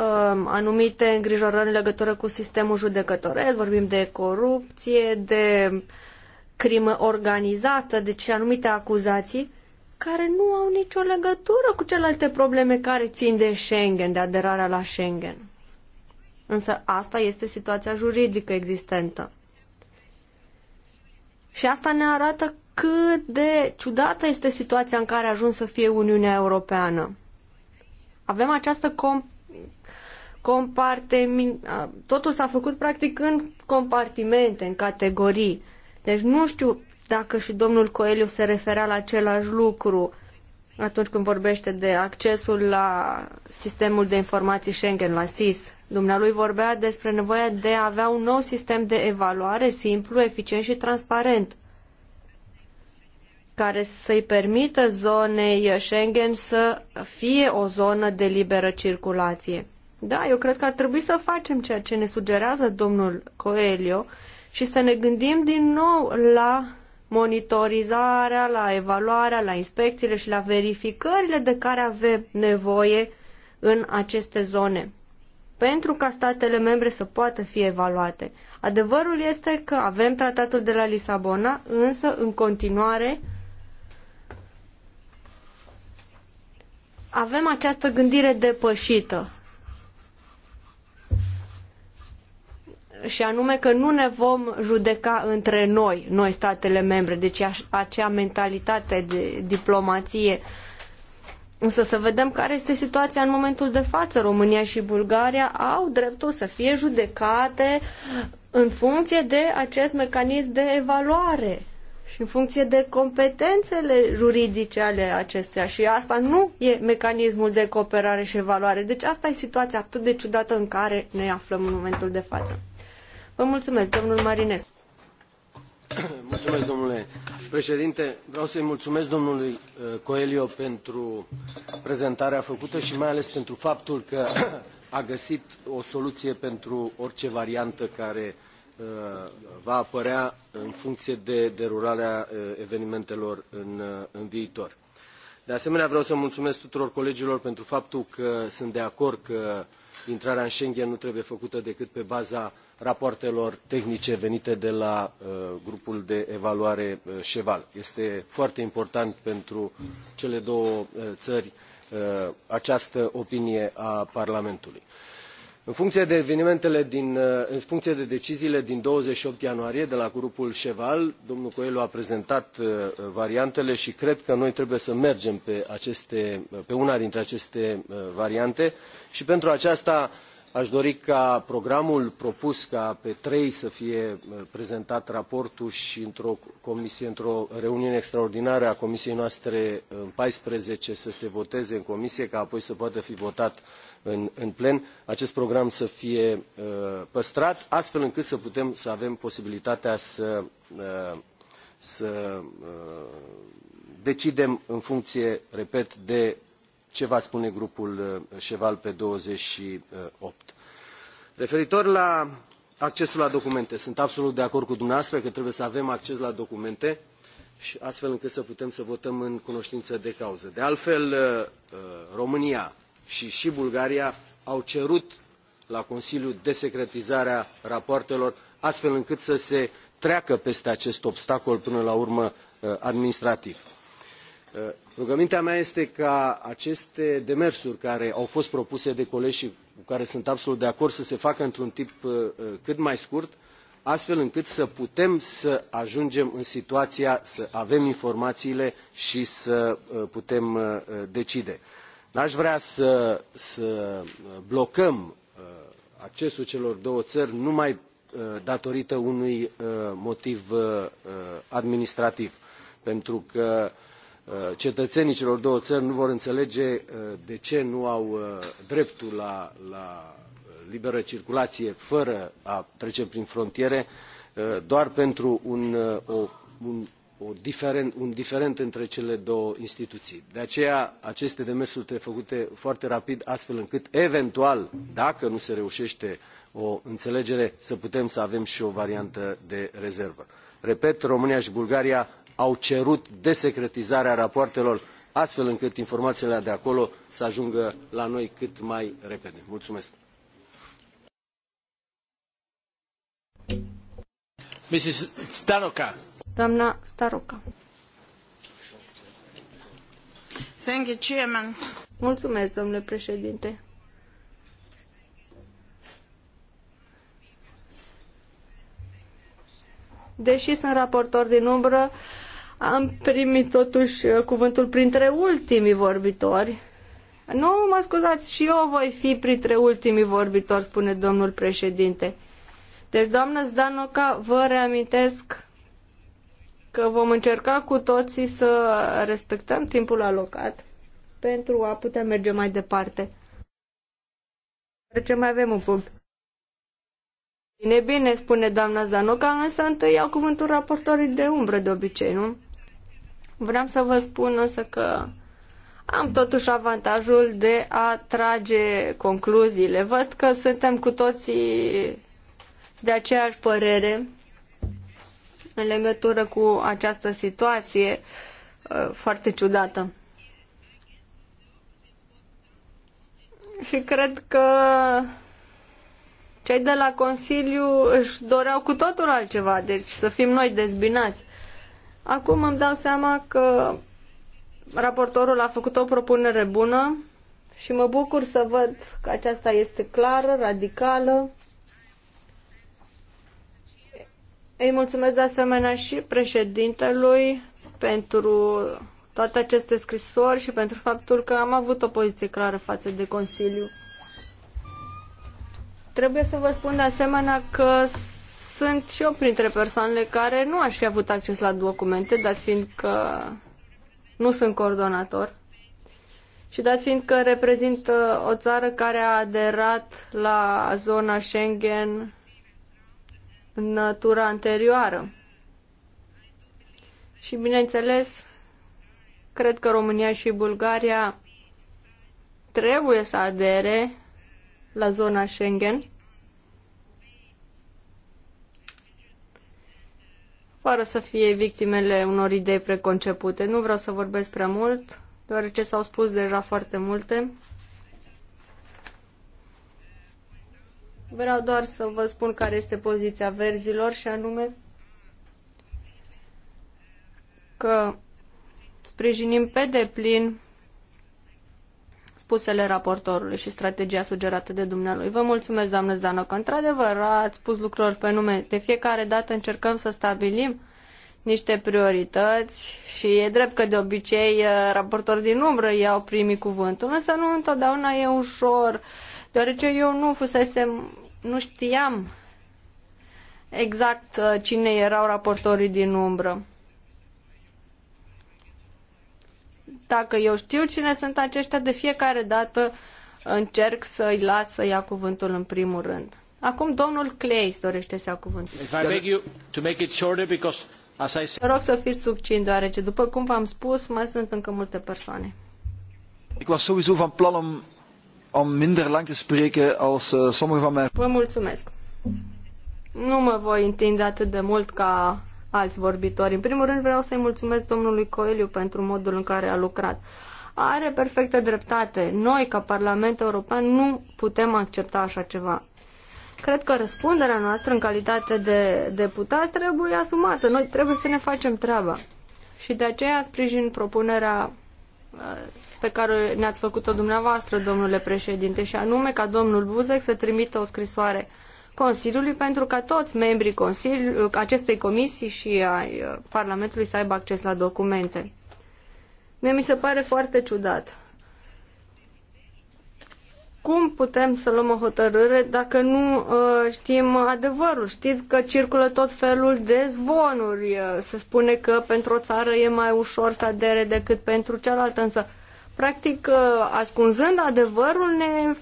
Um, anumite îngrijorări în legătură cu sistemul judecătoresc, vorbim de corupție, de crimă organizată, deci anumite acuzații care nu au nicio legătură cu celelalte probleme care țin de Schengen, de aderarea la Schengen. Însă asta este situația juridică existentă. Și asta ne arată cât de ciudată este situația în care a ajuns să fie Uniunea Europeană. Avem această comp totul s-a făcut practic în compartimente, în categorii. Deci nu știu dacă și domnul Coeliu se referea la același lucru atunci când vorbește de accesul la sistemul de informații Schengen, la SIS. Dumnealui vorbea despre nevoia de a avea un nou sistem de evaluare simplu, eficient și transparent care să-i permită zonei Schengen să fie o zonă de liberă circulație. Da, eu cred că ar trebui să facem ceea ce ne sugerează domnul Coelio și să ne gândim din nou la monitorizarea, la evaluarea, la inspecțiile și la verificările de care avem nevoie în aceste zone pentru ca statele membre să poată fi evaluate. Adevărul este că avem tratatul de la Lisabona, însă în continuare avem această gândire depășită. și anume că nu ne vom judeca între noi, noi statele membre, deci acea mentalitate de diplomație. Însă să vedem care este situația în momentul de față. România și Bulgaria au dreptul să fie judecate în funcție de acest mecanism de evaluare și în funcție de competențele juridice ale acestea. Și asta nu e mecanismul de cooperare și evaluare. Deci asta e situația atât de ciudată în care ne aflăm în momentul de față. Vă mulțumesc, domnul Marinescu. Mulțumesc, domnule președinte. Vreau să-i mulțumesc domnului uh, Coelho pentru prezentarea făcută și mai ales pentru faptul că a găsit o soluție pentru orice variantă care uh, va apărea în funcție de derularea uh, evenimentelor în, în viitor. De asemenea, vreau să mulțumesc tuturor colegilor pentru faptul că sunt de acord că intrarea în Schengen nu trebuie făcută decât pe baza rapoartelor tehnice venite de la uh, grupul de evaluare uh, Cheval. Este foarte important pentru cele două uh, țări această opinie a Parlamentului în funcție de evenimentele din, uh, în funcție de deciziile din 28 ianuarie de la grupul Cheval, domnul Coelho a prezentat uh, uh, variantele și cred că noi trebuie să mergem pe, aceste, pe una dintre aceste variante și pentru aceasta aș dori ca programul propus ca pe trei să fie uh, prezentat raportul și într o comisie într o reuniune extraordinară a comisiei noastre în paisprezece să se voteze în comisie ca apoi să poată fi votat în, în plen acest program să fie uh, păstrat astfel încât să putem să avem posibilitatea să, uh, să uh, decidem în funcție repet de ce va spune grupul uh, cheval pe 28. Referitor la accesul la documente, sunt absolut de acord cu dumneavoastră că trebuie să avem acces la documente și astfel încât să putem să votăm în cunoștință de cauză. De altfel, uh, uh, România și și Bulgaria au cerut la Consiliu desecretizarea rapoartelor, astfel încât să se treacă peste acest obstacol până la urmă administrativ Uh, rugămintea mea este ca aceste demersuri care au fost propuse de colegi și cu care sunt absolut de acord să se facă într-un timp uh, uh, cât mai scurt, astfel încât să putem să ajungem în situația să avem informațiile și să putem decide. N-aș vrea să, să blocăm accesul celor două țări numai datorită unui motiv administrativ, pentru că Uh, cetățenii celor două țări nu vor înțelege uh, de ce nu au uh, dreptul la, la liberă circulație fără a trece prin frontiere doar pentru un, o, un, o diferent, un diferent între cele două instituții. De aceea, aceste demersuri trebuie făcute foarte rapid, astfel încât, eventual, dacă nu se reușește o înțelegere, să putem să avem și o variantă de rezervă. Repet, România și Bulgaria au cerut desecretizarea rapoartelor astfel încât informațiile de acolo să ajungă la noi cât mai repede. Mulțumesc! Mrs. Staroka. Doamna Staroka. Thank you, Chairman. Mulțumesc, domnule președinte. Deși sunt raportor din umbră, am primit totuși uh, cuvântul printre ultimii vorbitori. Nu, mă scuzați, și eu voi fi printre ultimii vorbitori, spune domnul președinte. Deci, doamnă Zdanoca, vă reamintesc că vom încerca cu toții să respectăm timpul alocat pentru a putea merge mai departe. Ce deci, mai avem un punct? Bine, bine, spune doamna Zdanoca, însă întâi iau cuvântul raportorii de umbră de obicei, nu? Vreau să vă spun însă că am totuși avantajul de a trage concluziile. Văd că suntem cu toții de aceeași părere în legătură cu această situație uh, foarte ciudată. Și cred că cei de la Consiliu își doreau cu totul altceva, deci să fim noi dezbinați. Acum îmi dau seama că raportorul a făcut o propunere bună și mă bucur să văd că aceasta este clară, radicală. Îi mulțumesc de asemenea și președintelui pentru toate aceste scrisori și pentru faptul că am avut o poziție clară față de Consiliu. Trebuie să vă spun de asemenea că sunt și eu printre persoanele care nu aș fi avut acces la documente, dat fiind că nu sunt coordonator și dat fiind că reprezint uh, o țară care a aderat la zona Schengen în natura anterioară. Și bineînțeles, cred că România și Bulgaria trebuie să adere la zona Schengen fără să fie victimele unor idei preconcepute. Nu vreau să vorbesc prea mult, deoarece s-au spus deja foarte multe. Vreau doar să vă spun care este poziția verzilor și anume că sprijinim pe deplin spusele raportorului și strategia sugerată de dumnealui. Vă mulțumesc, doamnă Zdanocă. Într-adevăr, ați spus lucrurile pe nume. De fiecare dată încercăm să stabilim niște priorități și e drept că de obicei uh, raportori din umbră iau primii cuvântul, însă nu întotdeauna e ușor, deoarece eu nu fusesem, nu știam exact uh, cine erau raportorii din umbră. Dacă eu știu cine sunt aceștia, de fiecare dată încerc să-i las să ia cuvântul în primul rând. Acum domnul Clay dorește să ia cuvântul. Vă rog să fiți succint, deoarece, după cum v-am spus, mai sunt încă multe persoane. Ik was sowieso van plan om, om minder lang te spreken als uh, eh, sommige van mijn... Vă mulțumesc. Nu mă voi întinde atât de mult ca alți vorbitori. În primul rând vreau să-i mulțumesc domnului Coeliu pentru modul în care a lucrat. Are perfectă dreptate. Noi, ca Parlament European, nu putem accepta așa ceva. Cred că răspunderea noastră în calitate de deputat trebuie asumată. Noi trebuie să ne facem treaba. Și de aceea sprijin propunerea uh, pe care ne-ați făcut-o dumneavoastră, domnule președinte, și anume ca domnul Buzek să trimită o scrisoare Consiliului pentru ca toți membrii acestei comisii și ai uh, Parlamentului să aibă acces la documente. Mie mi se pare foarte ciudat. Cum putem să luăm o hotărâre dacă nu uh, știm adevărul? Știți că circulă tot felul de zvonuri. Uh, se spune că pentru o țară e mai ușor să adere decât pentru cealaltă, însă, practic, uh, ascunzând adevărul, ne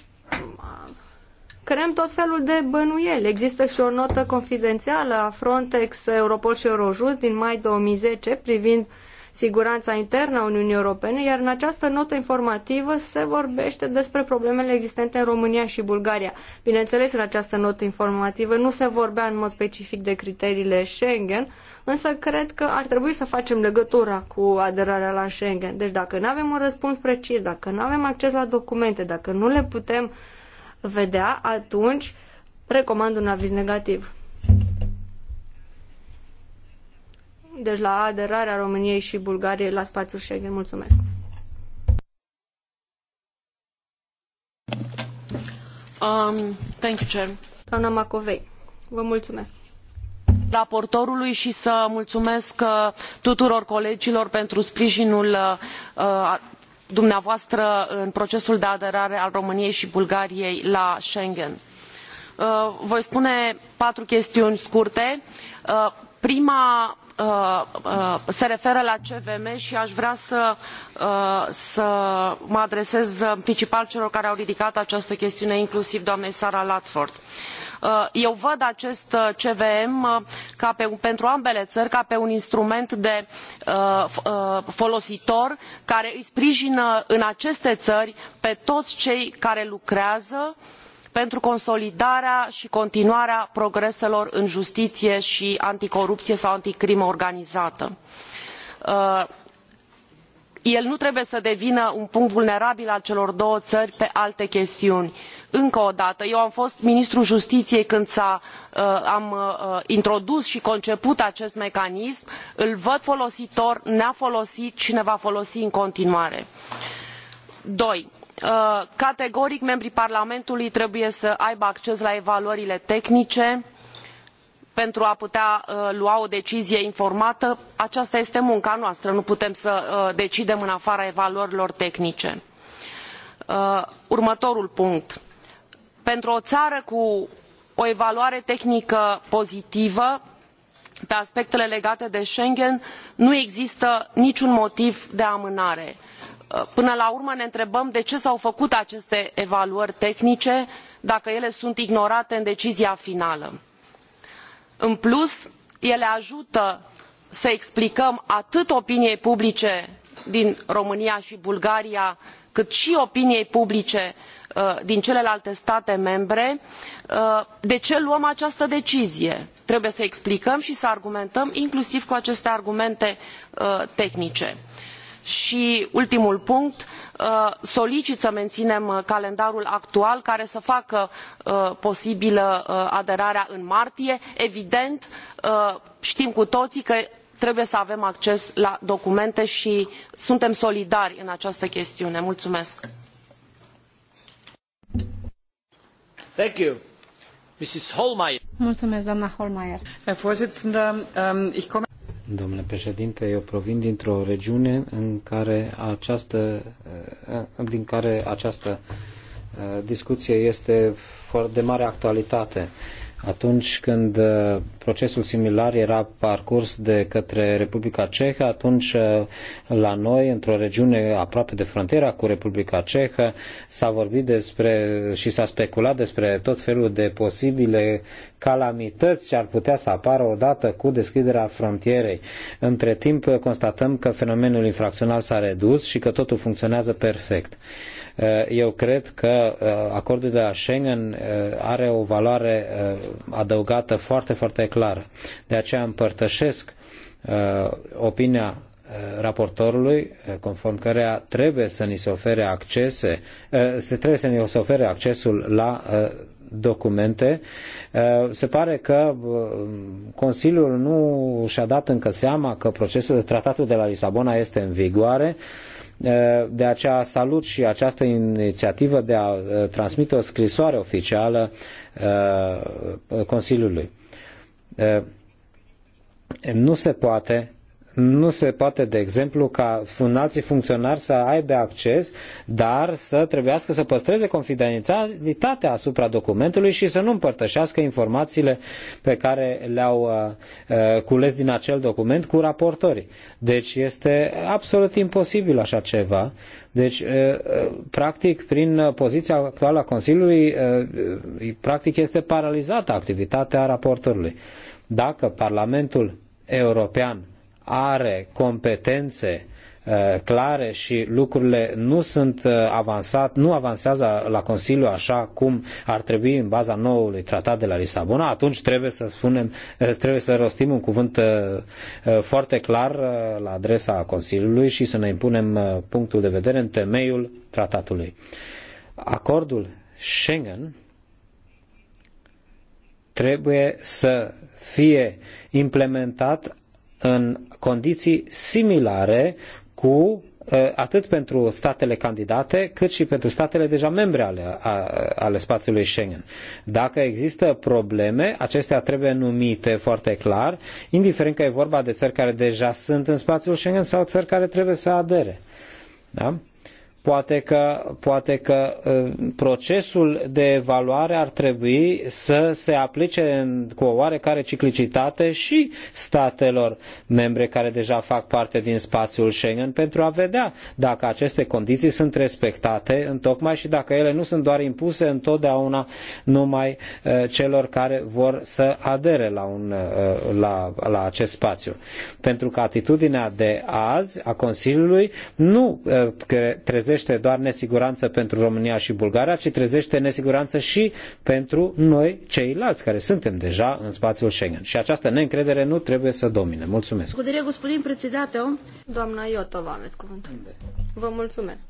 creăm tot felul de bănuieli. Există și o notă confidențială a Frontex, Europol și Eurojust din mai 2010 privind siguranța internă a Uniunii Europene, iar în această notă informativă se vorbește despre problemele existente în România și Bulgaria. Bineînțeles, în această notă informativă nu se vorbea în mod specific de criteriile Schengen, însă cred că ar trebui să facem legătura cu aderarea la Schengen. Deci dacă nu avem un răspuns precis, dacă nu avem acces la documente, dacă nu le putem uh, vedea, atunci recomand un aviz negativ. Deci la aderarea României și Bulgariei la spațiul Schengen. Mulțumesc! Um, thank you, Chair. Doamna Macovei, vă mulțumesc! raportorului și să mulțumesc uh, tuturor colegilor pentru sprijinul uh, dumneavoastră în procesul de aderare al româniei i bulgariei la schengen. Uh, voi spune patru chestiuni scurte uh, prima uh, se referă la cvm i a vrea să, să mă adresez în principal celor care au ridicat această chestiune inclusiv doamnei sarah ludford Uh, eu văd acest uh, cvm uh, pentru ambele țări ca pe un instrument de folositor care îi sprijină în aceste țări pe toți cei care lucrează pentru consolidarea i continuarea progreselor în justiie i anticorupie sau anticrimă organizată. el nu trebuie să devină un punct vulnerabil al celor două ări pe alte chestiuni încă o dată eu am fost ministrul justiiei când uh, am uh, introdus i conceput acest mecanism îl văd folositor ne a folosit i ne va folosi în continuare. doi uh, categoric membrii parlamentului trebuie să aibă acces la evaluările tehnice pentru a putea lua o decizie informată aceasta este munca noastră nu putem să decidem în afara evaluărilor tehnice. următorul punct pentru o țară cu o evaluare tehnică pozitivă pe aspectele legate de schengen nu există niciun motiv de amânare. până la urmă ne întrebăm de ce s au făcut aceste evaluări tehnice dacă ele sunt ignorate în decizia finală. în plus ele ajută să explicăm atât opiniei publice din românia i bulgaria cât i opiniei publice Uh, din celelalte state membre uh, de ce luăm această decizie trebuie să explicăm i să argumentăm inclusiv cu aceste argumente uh, tehnice. i ultimul punct solicit să meninem calendarul actual care să facă posibilă aderarea în martie evident tim cu toii că trebuie să avem acces la documente i suntem solidari în această chestiune. mulumesc. Ähm, Domnule președinte, eu provin dintr-o regiune în care această, äh, din care această äh, discuție este de mare actualitate. Atunci când uh, procesul similar era parcurs de către Republica Cehă, atunci uh, la noi, într-o regiune aproape de frontiera cu Republica Cehă, s-a vorbit despre și s-a speculat despre tot felul de posibile calamități ce ar putea să apară odată cu deschiderea frontierei. Între timp constatăm că fenomenul infracțional s-a redus și că totul funcționează perfect. Eh, eu cred că eh, acordul de la Schengen eh, are o valoare adăugată foarte, foarte clară. De aceea împărtășesc opinia raportorului, conform căreia trebuie să ni se ofere accese, trebuie să ni se ofere accesul la documente. Eh, se pare că eh, Consiliul nu și-a dat încă seama că procesul de tratatul de la Lisabona este în vigoare. Eh, de aceea salut și această inițiativă de a transmite o scrisoare oficială Consiliului. Nu se poate nu se poate, de exemplu, ca alții funcționari să aibă acces, dar să trebuiască să păstreze confidențialitatea asupra documentului și să nu împărtășească informațiile pe care le-au uh, uh, cules din acel document cu raportorii. Deci este absolut imposibil așa ceva. Deci, uh, practic, prin poziția actuală a Consiliului, practic este paralizată activitatea raportorului. Dacă Parlamentul European are competențe uh, clare și lucrurile nu sunt uh, avansat, nu avansează la Consiliu așa cum ar trebui în baza noului tratat de la Lisabona, atunci trebuie să spunem, uh, trebuie să rostim un cuvânt foarte clar la adresa Consiliului și să ne impunem punctul de vedere în temeiul tratatului. Acordul Schengen trebuie să fie implementat în condiții similare cu eh, atât pentru statele candidate, cât și pentru statele deja membre ale, ale spațiului Schengen. Dacă există probleme, acestea trebuie numite foarte clar, indiferent că e vorba de țări care deja sunt în spațiul Schengen sau țări care trebuie să adere. Da? Poate că, poate că ă, procesul de evaluare ar trebui să se aplice cu o oarecare ciclicitate și statelor membre care deja fac parte din spațiul Schengen pentru a vedea dacă aceste condiții sunt respectate întocmai și dacă ele nu sunt doar impuse întotdeauna numai ă, celor care vor să adere la, un, ă, la, la acest spațiu. Pentru că atitudinea de azi a Consiliului nu trezește trezește doar nesiguranță pentru România și Bulgaria, ci trezește nesiguranță și pentru noi ceilalți care suntem deja în spațiul Schengen. Și această neîncredere nu trebuie să domine. Mulțumesc. președinte, Doamna Iotova, aveți cuvântul. Vă mulțumesc.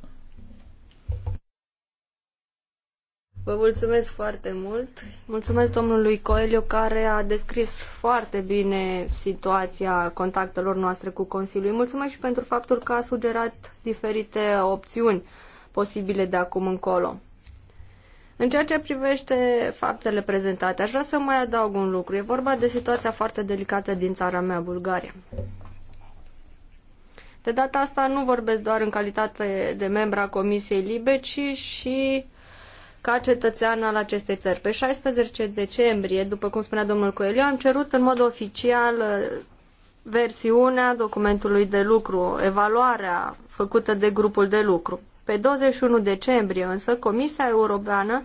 Vă mulțumesc foarte mult. Mulțumesc domnului Coelho care a descris foarte bine situația contactelor noastre cu Consiliul. Mulțumesc și pentru faptul că a sugerat diferite opțiuni posibile de acum încolo. În ceea ce privește faptele prezentate, aș vrea să mai adaug un lucru. E vorba de situația foarte delicată din țara mea, Bulgaria. De data asta nu vorbesc doar în calitate de membra Comisiei Libe, ci și ca cetățean al acestei țări. Pe 16 decembrie, după cum spunea domnul Coelho, am cerut în mod oficial uh, versiunea documentului de lucru, evaluarea făcută de grupul de lucru. Pe 21 decembrie însă, Comisia Europeană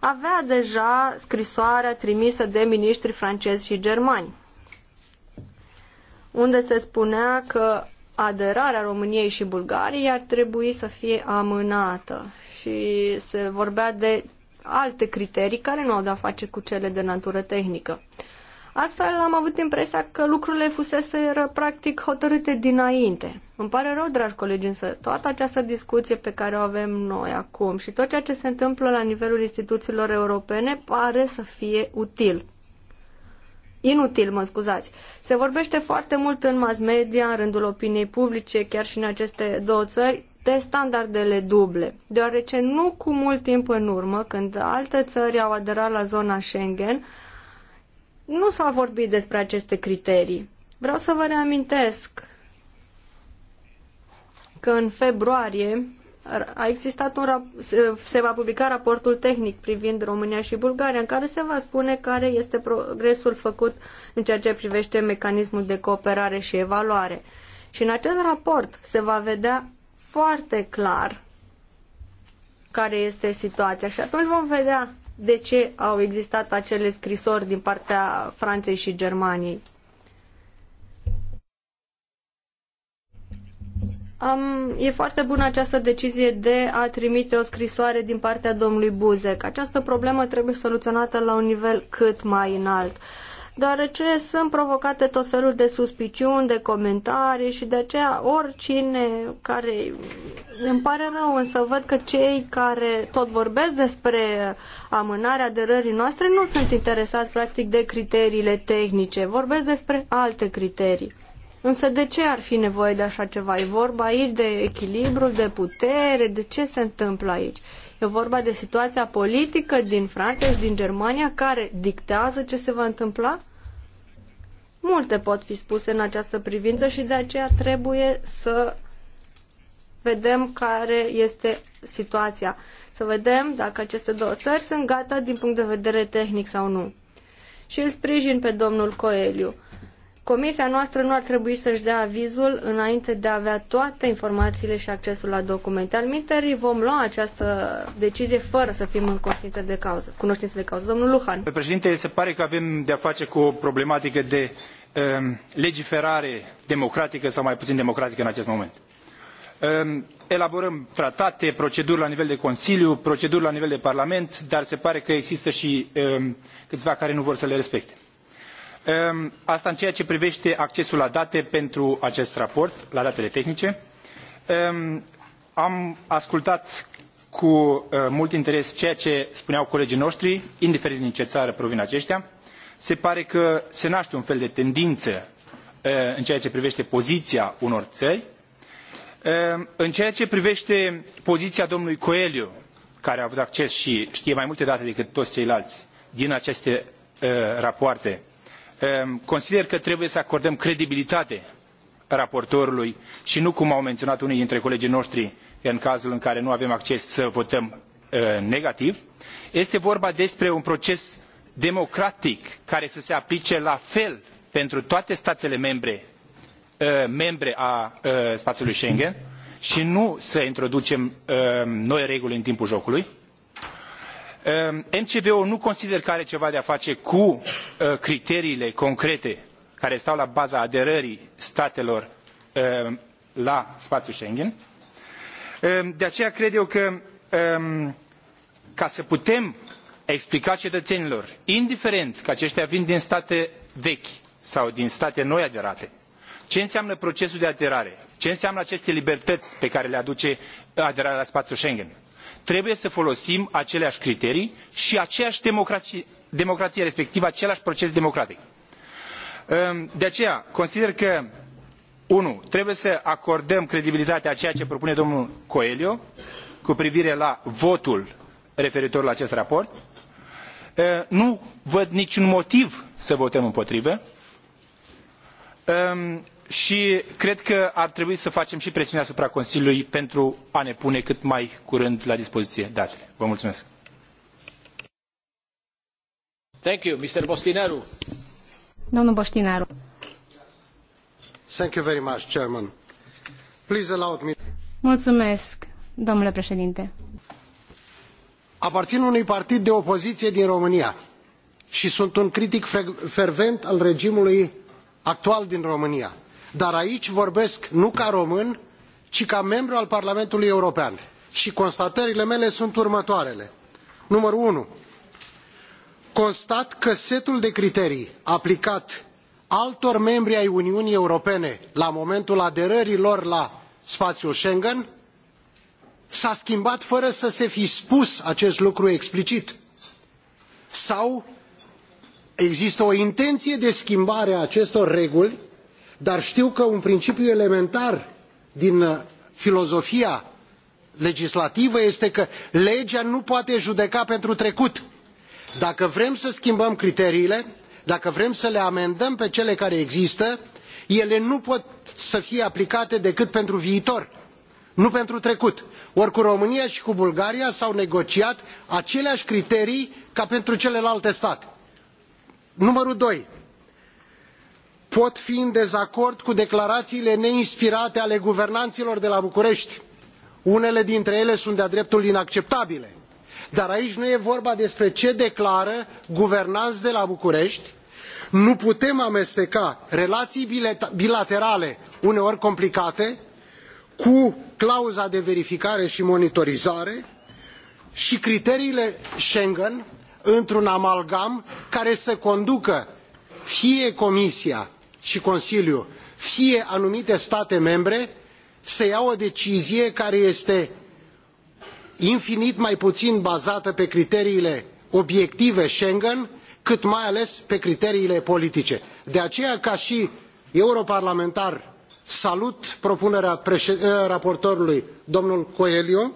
avea deja scrisoarea trimisă de miniștri francezi și germani, unde se spunea că aderarea României și Bulgariei ar trebui să fie amânată și se vorbea de alte criterii care nu au de-a face cu cele de natură tehnică. Astfel am avut impresia că lucrurile fusese practic hotărâte dinainte. Îmi pare rău, dragi colegi, însă toată această discuție pe care o avem noi acum și tot ceea ce se întâmplă la nivelul instituțiilor europene pare să fie util inutil, mă scuzați. Se vorbește foarte mult în mass media, în rândul opiniei publice, chiar și în aceste două țări, de standardele duble, deoarece nu cu mult timp în urmă, când alte țări au aderat la zona Schengen, nu s-a vorbit despre aceste criterii. Vreau să vă reamintesc că în februarie a existat un se va publica raportul tehnic privind România și Bulgaria, în care se va spune care este progresul făcut în ceea ce privește mecanismul de cooperare și evaluare. Și în acest raport se va vedea foarte clar care este situația și atunci vom vedea de ce au existat acele scrisori din partea Franței și Germaniei Um, e foarte bună această decizie de a trimite o scrisoare din partea domnului Buzek. Această problemă trebuie soluționată la un nivel cât mai înalt deoarece sunt provocate tot felul de suspiciuni, de comentarii și de aceea oricine care îmi pare rău, însă văd că cei care tot vorbesc despre amânarea aderării noastre nu sunt interesați practic de criteriile tehnice, vorbesc despre alte criterii. Însă de ce ar fi nevoie de așa ceva? E vorba aici de echilibrul de putere, de ce se întâmplă aici? E vorba de situația politică din Franța și din Germania care dictează ce se va întâmpla? Multe pot fi spuse în această privință și de aceea trebuie să vedem care este situația. Să vedem dacă aceste două țări sunt gata din punct de vedere tehnic sau nu. Și îl sprijin pe domnul Coeliu. Comisia noastră nu ar trebui să-și dea avizul înainte de a avea toate informațiile și accesul la documente. Al vom lua această decizie fără să fim în cunoștință de cauză. Cunoștință de cauză. Domnul Luhan. Președinte, se pare că avem de-a face cu o problematică de um, legiferare democratică sau mai puțin democratică în acest moment. Um, elaborăm tratate, proceduri la nivel de Consiliu, proceduri la nivel de Parlament, dar se pare că există și um, câțiva care nu vor să le respecte Ehm, asta în ceea ce privește accesul la date pentru acest raport, la datele tehnice. Ehm, am ascultat cu eh, mult interes ceea ce spuneau colegii noștri, indiferent din ce țară provin aceștia. Se pare că se naște un fel de tendină eh, în ceea ce privește poziția unor ări ehm, În ceea ce privește poziția domnului Coelho, care a avut acces și știe mai multe date decât toți ceilalți din aceste eh, rapoarte, Ehm, consider că trebuie să acordăm credibilitate raportorului și nu cum au menționat unii dintre colegii noștri în cazul în care nu avem acces să votăm negativ. Este vorba despre un proces democratic care să se aplice la fel pentru toate statele membre, membre a spațiului Schengen și nu să introducem noi reguli în timpul jocului mcv ehm, ul nu consider că are ceva de a face cu uh, criteriile concrete care stau la baza aderării statelor ehm, la spațiul schengen ehm, de aceea cred eu că ca să putem explica cetățenilor indiferent că aceștia vin din state vechi sau din state noi aderate ce înseamnă procesul de aderare ce înseamnă aceste libertăți pe care le aduce aderarea la spaiul schengen trebuie să folosim aceleași criterii și aceeași democrație, respectiv acelai proces democratic. Ehm, de aceea consider că unu Trebuie să acordăm credibilitate a ceea ce propune domnul Coelho cu privire la votul referitor la acest raport. Ehm, nu văd niciun motiv să votăm împotrivă. Ehm, și cred că ar trebui să facem și presiune asupra Consiliului pentru a ne pune cât mai curând la dispoziție datele. Vă mulțumesc. Thank you, Mr. Bostinaru. Domnul Bostinaru. Thank you very much, Chairman. Please allow me... Mulțumesc, domnule președinte. Aparțin unui partid de opoziție din România și sunt un critic fervent al regimului actual din România dar aici vorbesc nu ca român ci ca membru al parlamentului european i constatările mele sunt următoarele numărul unu constat că setul de criterii aplicat altor membri ai uniunii europene la momentul aderării lor la spaiul schengen s a schimbat fără să se fi spus acest lucru explicit sau există o intenie de schimbare a acestor reguli dar știu că un principiu elementar din uh, filozofia legislativă este că legea nu poate judeca pentru trecut. dacă vrem să schimbăm criteriile dacă vrem să le amendăm pe cele care există ele nu pot să fie aplicate decât pentru viitor nu pentru trecut. ori cu românia i cu bulgaria s au negociat aceleai criterii ca pentru celelalte state. numărul doi pot fi în dezacord cu declaraiile neinspirate ale guvernanilor de la bucureti unele dintre ele sunt de a dreptul inacceptabile dar aici nu e vorba despre ce declară guvernanii de la bucureti nu putem amesteca relaii bilaterale uneori complicate cu clauza de verificare i monitorizare i criteriile schengen într un amalgam care să conducă fie comisia și consiliu fie anumite state membre să ia o decizie care este infinit mai puțin bazată pe criteriile obiective schengen cât mai ales pe criteriile politice. de aceea ca i europarlamentar salut propunerea eh, raportorului domnul coelho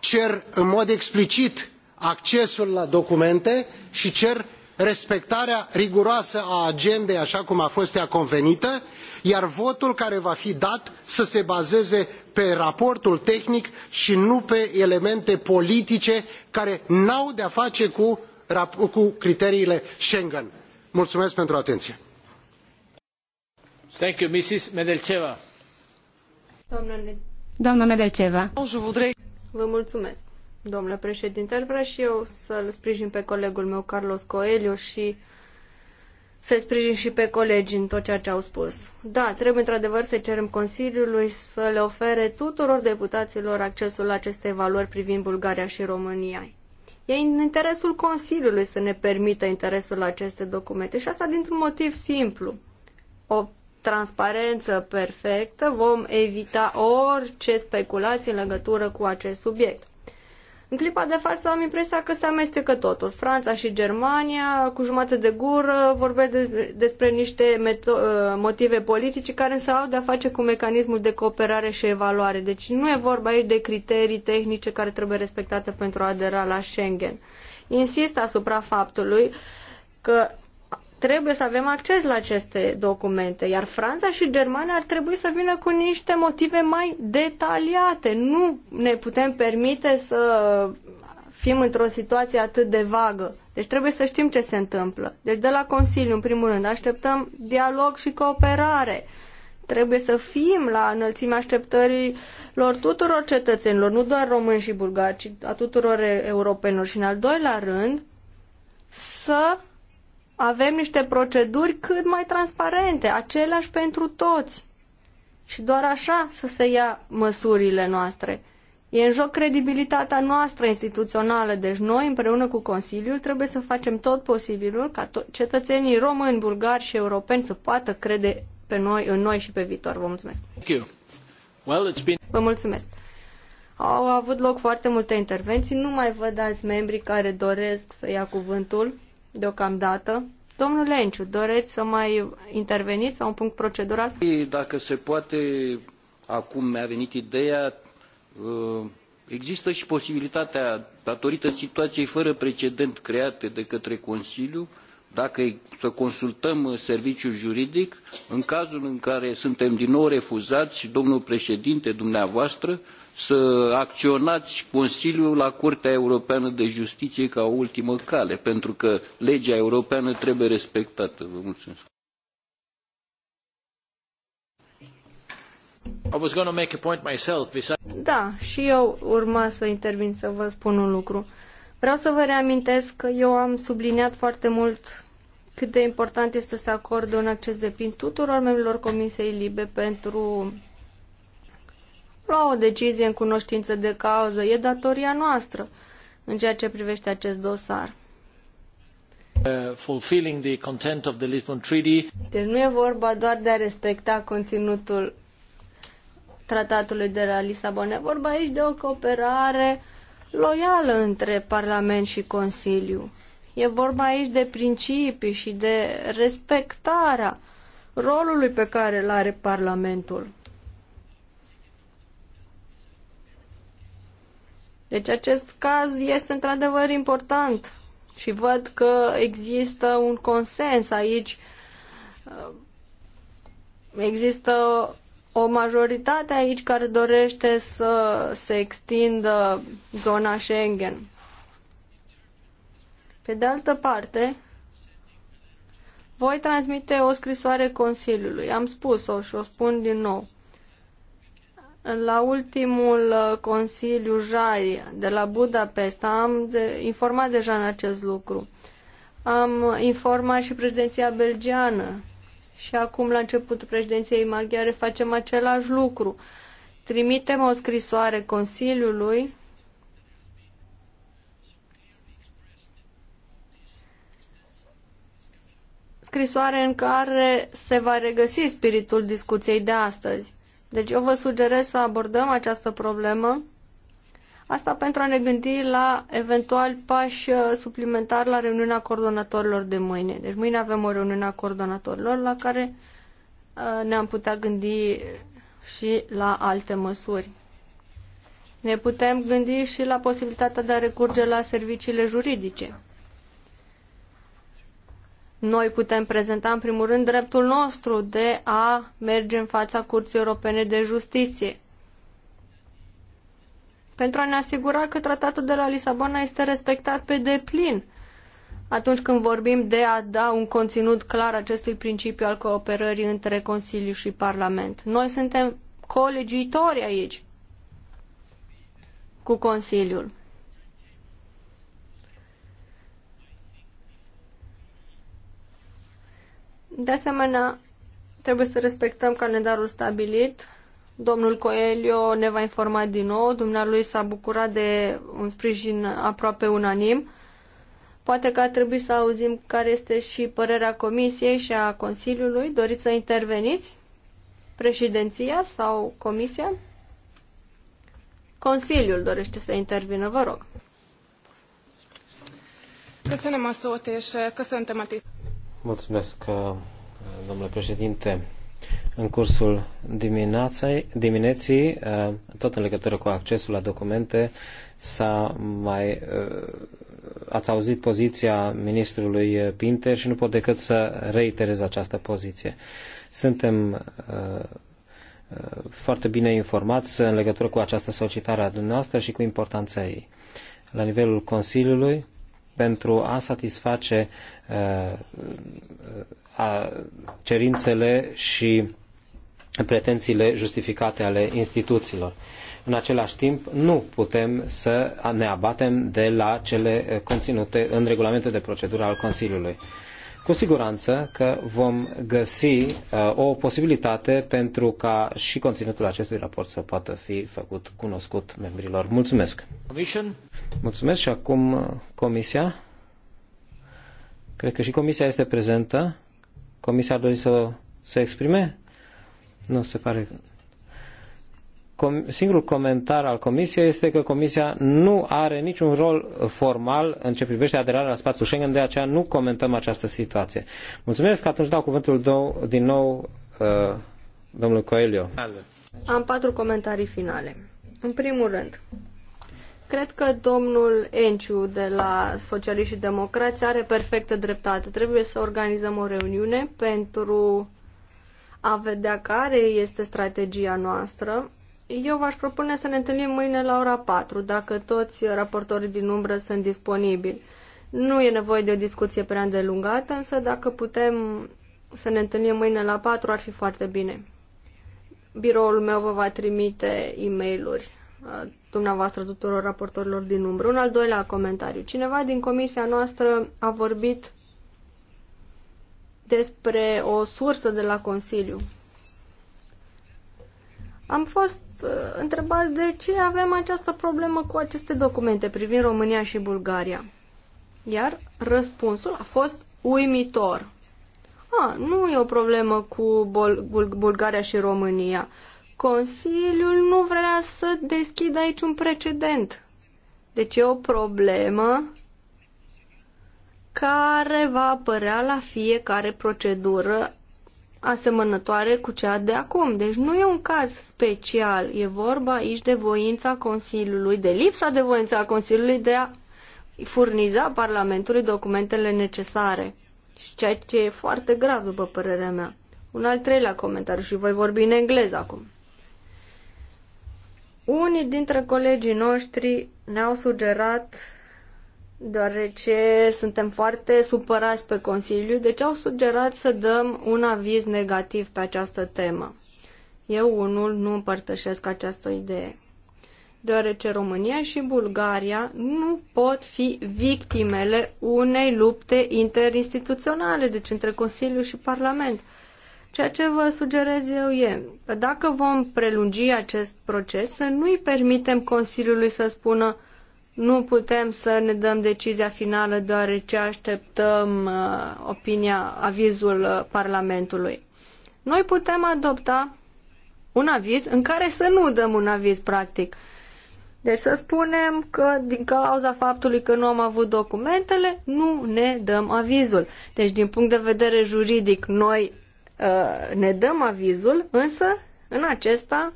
cer în mod explicit accesul la documente i cer respectarea riguroasă a agendei așa cum a fost ea convenită iar votul care va fi dat să se bazeze pe raportul tehnic și nu pe elemente politice care n au de a face cu, criteriile schengen. mulțumesc pentru atenție. Vă mulțumesc domnule președinte. Aș vrea și eu să-l sprijin pe colegul meu, Carlos Coelho, și să sprijin și pe colegi în tot ceea ce au spus. Da, trebuie într-adevăr să cerem Consiliului să le ofere tuturor deputaților accesul la aceste evaluări privind Bulgaria și România. E în interesul Consiliului să ne permită interesul la aceste documente și asta dintr-un motiv simplu. O transparență perfectă vom evita orice speculație în legătură cu acest subiect. În clipa de față am impresia că se amestecă totul. Franța și Germania, cu jumate de gură, vorbesc de, despre niște uh, motive politice care însă au de-a face cu mecanismul de cooperare și evaluare. Deci nu e vorba aici de criterii tehnice care trebuie respectate pentru a adera la Schengen. Insist asupra faptului că trebuie să avem acces la aceste documente, iar Franța și Germania ar trebui să vină cu niște motive mai detaliate. Nu ne putem permite să fim într-o situație atât de vagă. Deci trebuie să știm ce se întâmplă. Deci de la Consiliu, în primul rând, așteptăm dialog și cooperare. Trebuie să fim la înălțimea așteptărilor tuturor cetățenilor, nu doar români și bulgari, ci a tuturor europenilor. Și în al doilea rând, să avem niște proceduri cât mai transparente, aceleași pentru toți. Și doar așa să se ia măsurile noastre. E în joc credibilitatea noastră instituțională, deci noi împreună cu Consiliul trebuie să facem tot posibilul ca to- cetățenii români, bulgari și europeni să poată crede pe noi, în noi și pe viitor. Vă mulțumesc! Vă mulțumesc! Au avut loc foarte multe intervenții, nu mai văd alți membri care doresc să ia cuvântul deocamdată. Domnule Lenciu, doreți să mai interveniți sau un punct procedural? Dacă se poate, acum mi-a venit ideea, uh, există și posibilitatea, datorită situației fără precedent create de către Consiliu, dacă să consultăm uh, serviciul juridic, în cazul în care suntem din nou refuzați, domnul președinte, dumneavoastră, să acionai Consiliul la Curtea Europeană de Justiție ca o ultimă cale, pentru că legea europeană trebuie respectată. Vă mulțumesc. Da, și eu urma să intervin să vă spun un lucru. Vreau să vă reamintesc că eu am subliniat foarte mult cât de important este să acorde un acces de plin tuturor membrilor Comisiei Libe pentru lua o decizie în cunoștință de cauză. E datoria noastră în ceea ce privește acest dosar. Uh, fulfilling the content of the Lisbon Treaty. Deci nu e vorba doar de a respecta conținutul tratatului de la Lisabona. E vorba aici de o cooperare loială între Parlament și Consiliu. E vorba aici de principii și de respectarea rolului pe care îl are Parlamentul. Deci acest caz este într-adevăr important și văd că există un consens aici. Există o majoritate aici care dorește să se extindă zona Schengen. Pe de altă parte, voi transmite o scrisoare Consiliului. Am spus-o și o spun din nou. La ultimul uh, Consiliu JAI de la Budapesta am de, informat deja în acest lucru. Am informat și președinția belgiană și acum la începutul președinției maghiare facem același lucru. Trimitem o scrisoare Consiliului scrisoare în care se va regăsi spiritul discuției de astăzi. Deci eu vă sugerez să abordăm această problemă. Asta pentru a ne gândi la eventual pași uh, suplimentari la reuniunea coordonatorilor de mâine. Deci mâine avem o reuniune a coordonatorilor la care uh, ne-am putea gândi și la alte măsuri. Ne putem gândi și la posibilitatea de a recurge la serviciile juridice. Noi putem prezenta, în primul rând, dreptul nostru de a merge în fața Curții Europene de Justiție pentru a ne asigura că tratatul de la Lisabona este respectat pe deplin atunci când vorbim de a da un conținut clar acestui principiu al cooperării între Consiliu și Parlament. Noi suntem colegiitori aici cu Consiliul. De asemenea, trebuie să respectăm calendarul stabilit. Domnul Coelio ne va informa din nou. Dumnealui s-a bucurat de un sprijin aproape unanim. Poate că ar trebui să auzim care este și părerea Comisiei și a Consiliului. Doriți să interveniți? Președinția sau Comisia? Consiliul dorește să intervină, vă rog. Köszönöm a szót, és eh, köszöntöm a tit- Mulțumesc, uh, domnule președinte. În cursul dimineții, uh, tot în legătură cu accesul la documente, s-a mai, uh, ați auzit poziția ministrului Pinter și nu pot decât să reiterez această poziție. Suntem foarte bine informați în legătură cu această solicitare a dumneavoastră și cu importanța ei. La nivelul Consiliului, pentru a satisface uh, cerințele și pretențiile justificate ale instituțiilor. În același timp, nu putem să ne abatem de la cele conținute în regulamentul de procedură al Consiliului cu siguranță că vom găsi uh, o posibilitate pentru ca și conținutul acestui raport să poată fi făcut cunoscut membrilor. Mulțumesc! Commission. Mulțumesc și acum uh, Comisia. Cred că și Comisia este prezentă. Comisia ar dori să se exprime? Nu se pare singurul comentar al Comisiei este că Comisia nu are niciun rol formal în ce privește aderarea la spațiul Schengen, de aceea nu comentăm această situație. Mulțumesc, atunci dau cuvântul do- din nou uh, domnului Coelho. Am patru comentarii finale. În primul rând, cred că domnul Enciu de la Socialiști și Democrați are perfectă dreptate. Trebuie să organizăm o reuniune pentru a vedea care este strategia noastră eu v-aș propune să ne întâlnim mâine la ora 4, dacă toți raportorii din umbră sunt disponibili. Nu e nevoie de o discuție prea îndelungată, însă dacă putem să ne întâlnim mâine la 4, ar fi foarte bine. Biroul meu vă va trimite e mail uh, dumneavoastră tuturor raportorilor din umbră. Un al doilea comentariu. Cineva din comisia noastră a vorbit despre o sursă de la Consiliu am fost uh, întrebat de ce avem această problemă cu aceste documente privind România și Bulgaria. Iar răspunsul a fost uimitor. A, ah, nu e o problemă cu Bol- Bul- Bulgaria și România. Consiliul nu vrea să deschidă aici un precedent. Deci e o problemă care va apărea la fiecare procedură asemănătoare cu cea de acum. Deci nu e un caz special, e vorba aici de voința Consiliului, de lipsa de voința Consiliului de a furniza Parlamentului documentele necesare. Și ceea ce e foarte grav, după părerea mea. Un al treilea comentariu și voi vorbi în engleză acum. Unii dintre colegii noștri ne-au sugerat deoarece suntem foarte supărați pe Consiliu, deci au sugerat să dăm un aviz negativ pe această temă. Eu unul nu împărtășesc această idee, deoarece România și Bulgaria nu pot fi victimele unei lupte interinstituționale, deci între Consiliu și Parlament. Ceea ce vă sugerez eu e, dacă vom prelungi acest proces, să nu-i permitem Consiliului să spună nu putem să ne dăm decizia finală deoarece așteptăm uh, opinia, avizul uh, Parlamentului. Noi putem adopta un aviz în care să nu dăm un aviz practic. Deci să spunem că din cauza faptului că nu am avut documentele, nu ne dăm avizul. Deci din punct de vedere juridic noi uh, ne dăm avizul, însă în acesta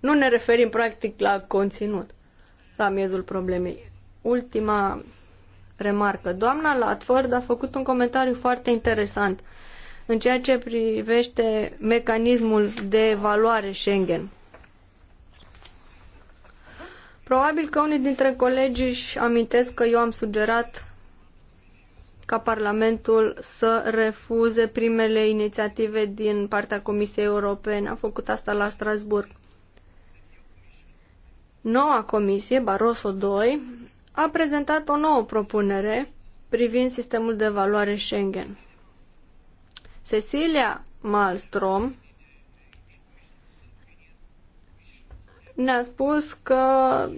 nu ne referim practic la conținut la miezul problemei. Ultima remarcă. Doamna Latford a făcut un comentariu foarte interesant în ceea ce privește mecanismul de evaluare Schengen. Probabil că unii dintre colegi își amintesc că eu am sugerat ca Parlamentul să refuze primele inițiative din partea Comisiei Europene. Am făcut asta la Strasburg. Noua comisie, Barroso II, a prezentat o nouă propunere privind sistemul de valoare Schengen. Cecilia Malmström ne-a spus că,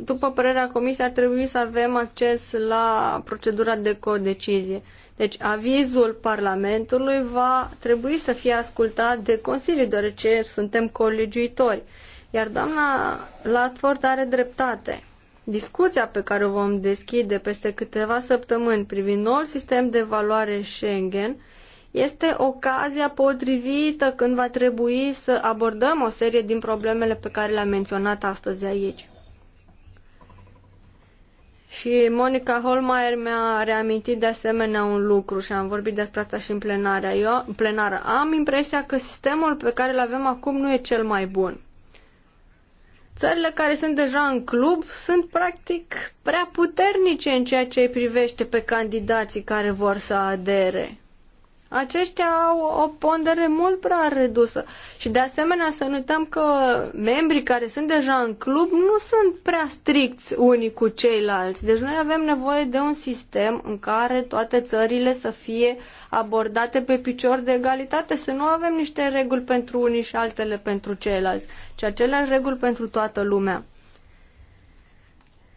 după părerea comisiei, ar trebui să avem acces la procedura de codecizie. Deci avizul Parlamentului va trebui să fie ascultat de Consiliu, deoarece suntem colegiuitori. Iar doamna Latford are dreptate. Discuția pe care o vom deschide peste câteva săptămâni privind noul sistem de valoare Schengen este ocazia potrivită când va trebui să abordăm o serie din problemele pe care le-am menționat astăzi aici. Și Monica Holmeier mi-a reamintit de asemenea un lucru și am vorbit despre asta și în plenarea. Eu, în plenară. Am impresia că sistemul pe care îl avem acum nu e cel mai bun țările care sunt deja în club sunt practic prea puternice în ceea ce privește pe candidații care vor să adere aceștia au o pondere mult prea redusă. Și de asemenea să nu uităm că membrii care sunt deja în club nu sunt prea stricți unii cu ceilalți. Deci noi avem nevoie de un sistem în care toate țările să fie abordate pe picior de egalitate, să nu avem niște reguli pentru unii și altele pentru ceilalți, ci aceleași reguli pentru toată lumea.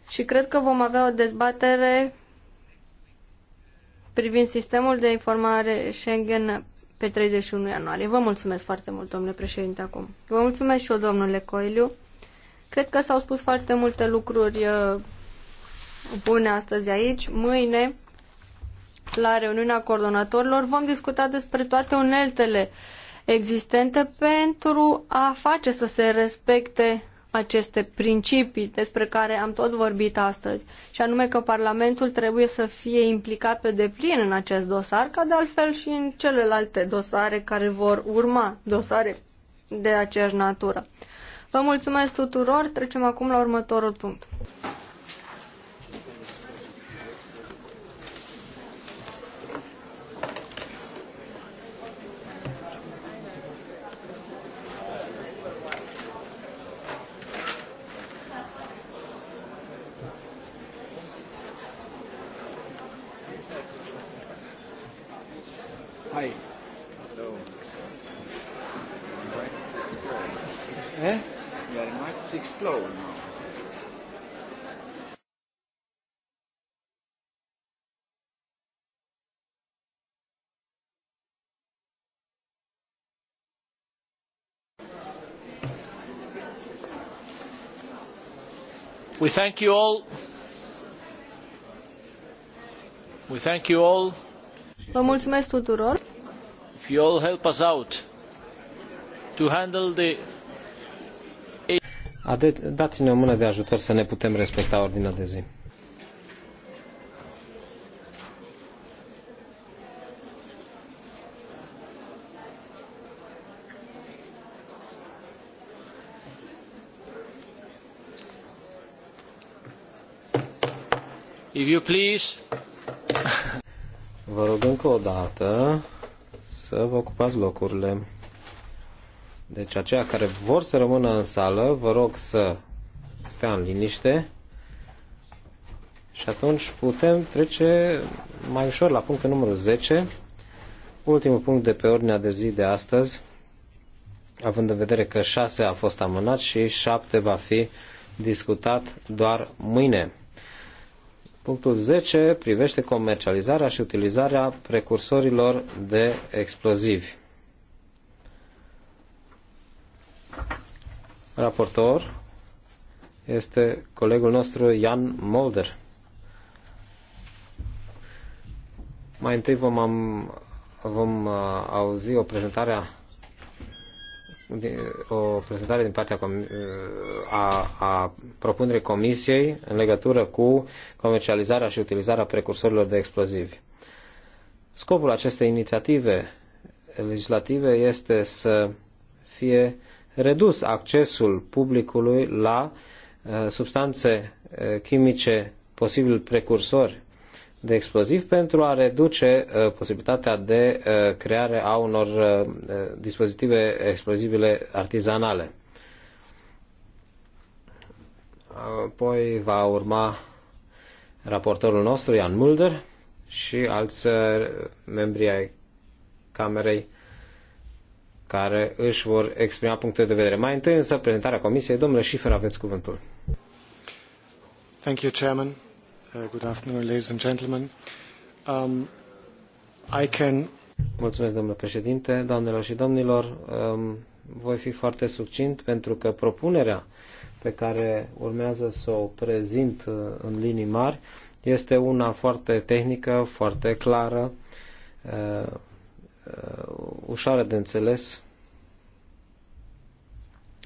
Și cred că vom avea o dezbatere privind sistemul de informare Schengen pe 31 ianuarie. Vă mulțumesc foarte mult, domnule președinte, acum. Vă mulțumesc și eu, domnule Coiliu. Cred că s-au spus foarte multe lucruri uh, bune astăzi aici. Mâine, la reuniunea coordonatorilor, vom discuta despre toate uneltele existente pentru a face să se respecte aceste principii despre care am tot vorbit astăzi, și anume că Parlamentul trebuie să fie implicat pe deplin în acest dosar, ca de altfel și în celelalte dosare care vor urma, dosare de aceeași natură. Vă mulțumesc tuturor, trecem acum la următorul punct. We thank you all. We thank you all. Vă mulțumesc tuturor. If you all help us out to handle the Dați-ne o mână de ajutor să ne putem respecta ordinea de zi. If you please. Vă rog încă o dată să vă ocupați locurile. Deci aceia care vor să rămână în sală, vă rog să stea în liniște și atunci putem trece mai ușor la punctul numărul 10, ultimul punct de pe ordinea de zi de astăzi, având în vedere că 6 a fost amânat și 7 va fi discutat doar mâine. Punctul 10 privește comercializarea și utilizarea precursorilor de explozivi. Raportor este colegul nostru Jan Molder. Mai întâi vom, am, vom uh, auzi o prezentare a o prezentare din partea a, a propunerii Comisiei în legătură cu comercializarea și utilizarea precursorilor de explozivi. Scopul acestei inițiative legislative este să fie redus accesul publicului la uh, substanțe uh, chimice posibil precursori de exploziv pentru a reduce uh, posibilitatea de uh, creare a unor uh, dispozitive explozibile artizanale. Apoi va urma raportorul nostru, Ian Mulder, și alți membri ai Camerei care își vor exprima puncte de vedere. Mai întâi însă prezentarea Comisiei. Domnule Schiffer aveți cuvântul. Thank you, Chairman. Uh, good afternoon, ladies and gentlemen. Um, I can... Mulțumesc, domnule președinte, doamnelor și domnilor. Um, voi fi foarte succint pentru că propunerea pe care urmează să o prezint uh, în linii mari este una foarte tehnică, foarte clară, uh, uh ușoară de înțeles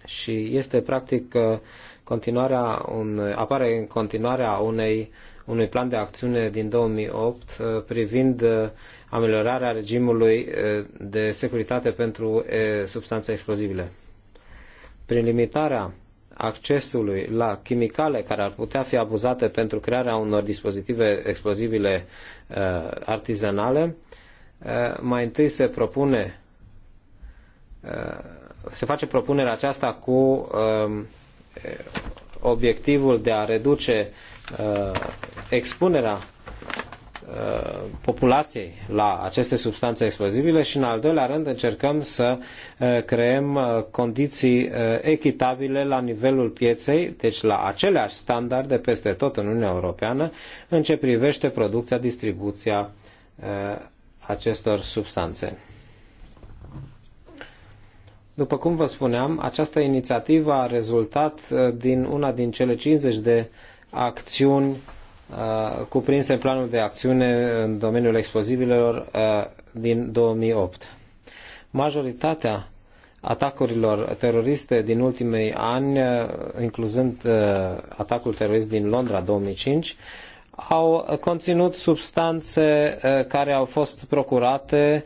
și este practic continuarea apare în continuarea unei unui plan de acțiune din 2008 uh, privind uh, ameliorarea regimului uh, de securitate pentru substanțe explozibile. Prin limitarea accesului la chimicale care ar putea fi abuzate pentru crearea unor dispozitive explozibile artizanale, mai întâi se propune se face propunerea aceasta cu um, obiectivul de a reduce Uh, expunerea uh, populației la aceste substanțe explozibile și, în al doilea rând, încercăm să uh, creăm condiții echitabile la nivelul pieței, deci la aceleași standarde peste tot în Uniunea Europeană, în ce privește producția, distribuția acestor substanțe. După cum vă spuneam, această inițiativă a rezultat din una din cele 50 de uh, acțiuni uh, cuprinse în planul de acțiune în domeniul explozivelor uh, din 2008. Majoritatea atacurilor teroriste din ultimii ani, uh, incluzând atacul terorist din Londra 2005, au conținut substanțe care au fost procurate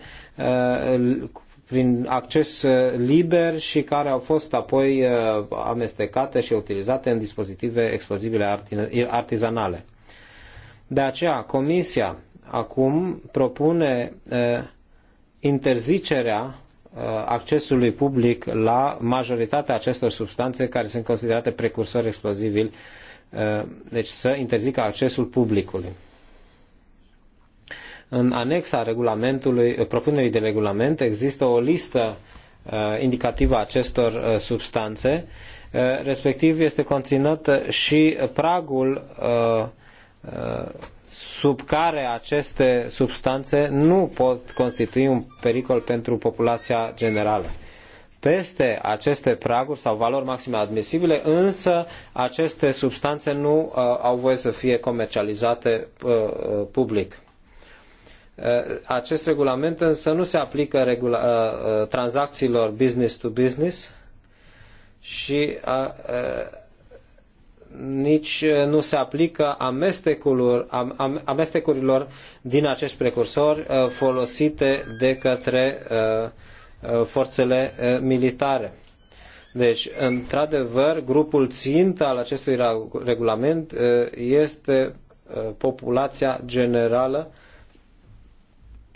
prin acces uh, liber și care au fost apoi uh, amestecate și utilizate în dispozitive explozibile artizanale. De aceea, Comisia acum propune uh, interzicerea accesului public la majoritatea acestor substanțe care sunt considerate precursori explozibili, deci să interzică accesul publicului. În anexa regulamentului, eh, propunerii de regulament există o listă eh, indicativă a acestor eh, substanțe, respectiv este conținut și pragul sub care aceste substanțe nu pot constitui un pericol pentru populația generală. Peste aceste praguri sau valori maxime admisibile, însă aceste substanțe nu uh, au voie să fie comercializate uh, public. Uh, acest regulament însă nu se aplică regula, uh, uh, tranzacțiilor business to business și nici nu se aplică amestecurilor, am, amestecurilor din acești precursori folosite de către forțele militare. Deci, într-adevăr, grupul țintă al acestui regulament este populația generală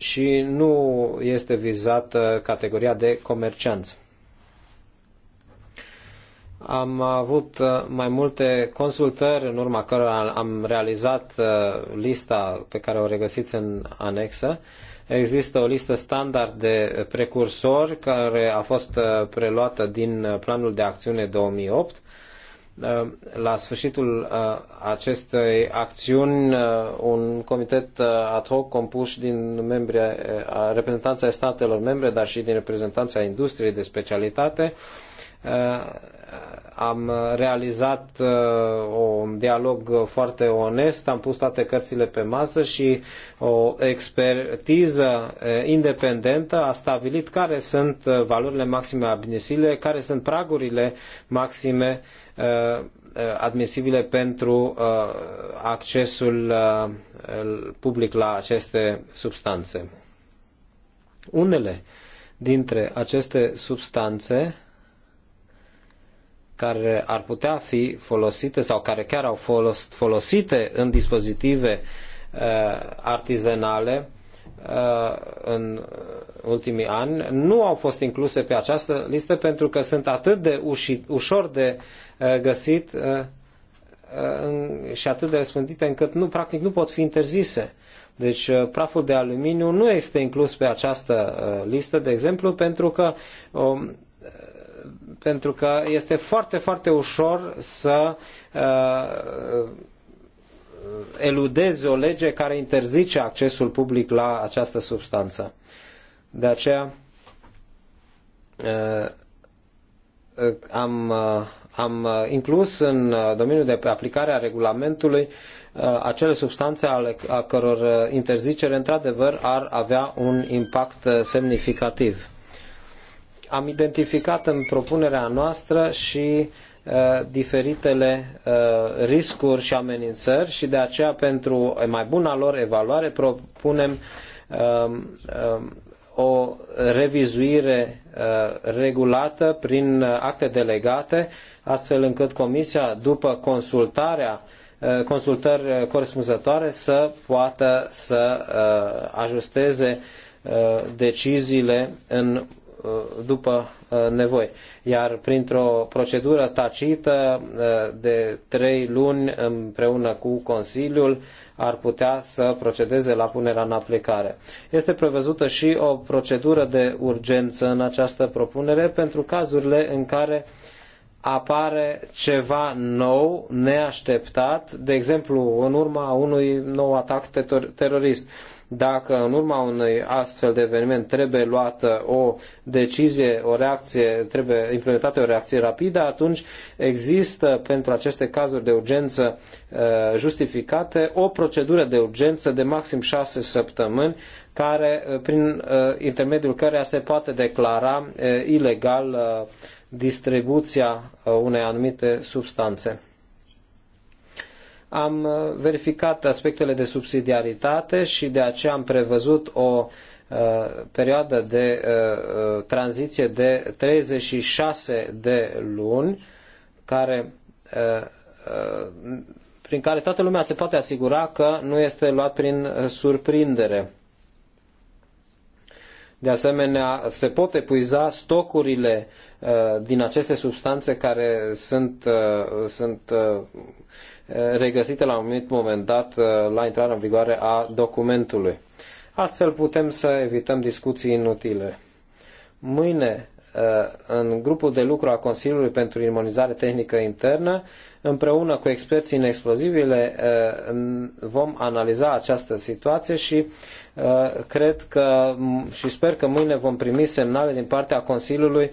și nu este vizată categoria de comercianți. Am avut uh, mai multe consultări în urma cărora am realizat uh, lista pe care o regăsiți în anexă. Există o listă standard de precursori care a fost uh, preluată din planul de acțiune 2008. La sfârșitul acestei acțiuni uh, un comitet uh, ad hoc compus din membri, uh, reprezentanța ai statelor membre, dar și din reprezentanța industriei de specialitate. Am realizat un dialog foarte onest, am pus toate cărțile pe masă și o expertiză independentă a stabilit care sunt valorile maxime admisibile, care sunt pragurile maxime Uh, admisibile pentru uh, accesul uh, public la aceste substanțe. Unele dintre aceste substanțe care ar putea fi folosite sau care chiar au fost folosite în dispozitive artizanale Uh, în ultimii ani nu au fost incluse pe această listă pentru că sunt atât de uși, ușor de uh, găsit uh, și atât de răspândite încât nu, practic nu pot fi interzise. Deci praful de aluminiu nu este inclus pe această listă, de exemplu, pentru că, um, pentru că este foarte, foarte ușor să eludezi o lege care interzice accesul public la această substanță. De aceea am, am inclus în domeniul de aplicare a regulamentului acele substanțe ale a căror interzicere într-adevăr ar avea un impact semnificativ. Am identificat în propunerea noastră și Uh, diferitele uh, riscuri și amenințări și de aceea pentru mai buna lor evaluare propunem um, um, o revizuire uh, regulată prin acte delegate, astfel încât Comisia, după consultarea consultări corespunzătoare să poată să ajusteze deciziile în Uh, după uh, nevoi. Iar printr-o procedură tacită uh, de trei luni împreună cu Consiliul ar putea să procedeze la punerea în aplicare. Este prevăzută și o procedură de urgență în această propunere pentru cazurile în care apare ceva nou, neașteptat, de exemplu în urma unui nou atac terorist dacă în urma unui astfel de eveniment trebuie luată o decizie, o reacție, trebuie implementată o reacție rapidă, atunci există pentru aceste cazuri de urgență uh, justificate o procedură de urgență de maxim șase săptămâni care, uh, prin uh, intermediul căreia se poate declara ilegal distribuția unei anumite substanțe am uh, verificat aspectele de subsidiaritate și de aceea am prevăzut o uh, perioadă de uh, uh tranziție de 36 de luni, care, uh, uh, prin care toată lumea se poate asigura că nu este luat prin surprindere. De asemenea, se pot epuiza stocurile din aceste substanțe care sunt, sunt regăsite la un moment dat uh, la intrarea în vigoare a documentului. Astfel putem să evităm discuții inutile. Mâine, uh, în grupul de lucru a Consiliului pentru Imunizare Tehnică Internă, împreună cu experții în explozibile, uh, vom analiza această situație și cred că și sper că mâine vom primi semnale din partea Consiliului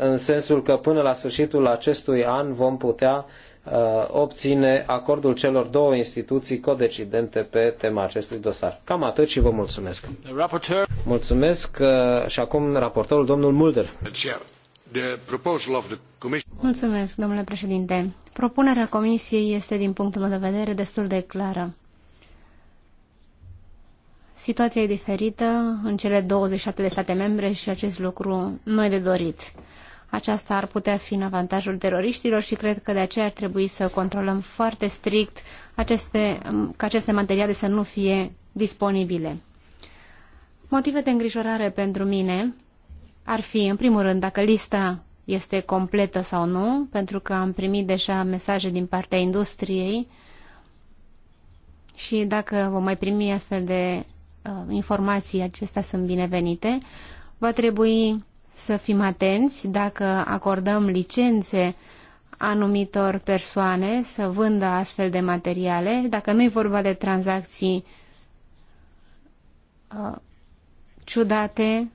în sensul că până la sfârșitul acestui an vom putea uh, obține acordul celor două instituții codecidente pe tema acestui dosar. Cam atât și vă mulțumesc. Raporteur. Mulțumesc uh, și acum raportorul domnul Mulder. Mulțumesc, domnule președinte. Propunerea comisiei este, din punctul meu de vedere, destul de clară. Situația e diferită în cele 27 de state membre și acest lucru nu e de dorit. Aceasta ar putea fi în avantajul teroriștilor și cred că de aceea ar trebui să controlăm foarte strict aceste, ca aceste materiale să nu fie disponibile. Motive de îngrijorare pentru mine ar fi, în primul rând, dacă lista este completă sau nu, pentru că am primit deja mesaje din partea industriei și dacă vom mai primi astfel de uh, informații, acestea sunt binevenite. Va trebui să fim atenți dacă acordăm licențe anumitor persoane să vândă astfel de materiale, dacă nu e vorba de tranzacții uh, ciudate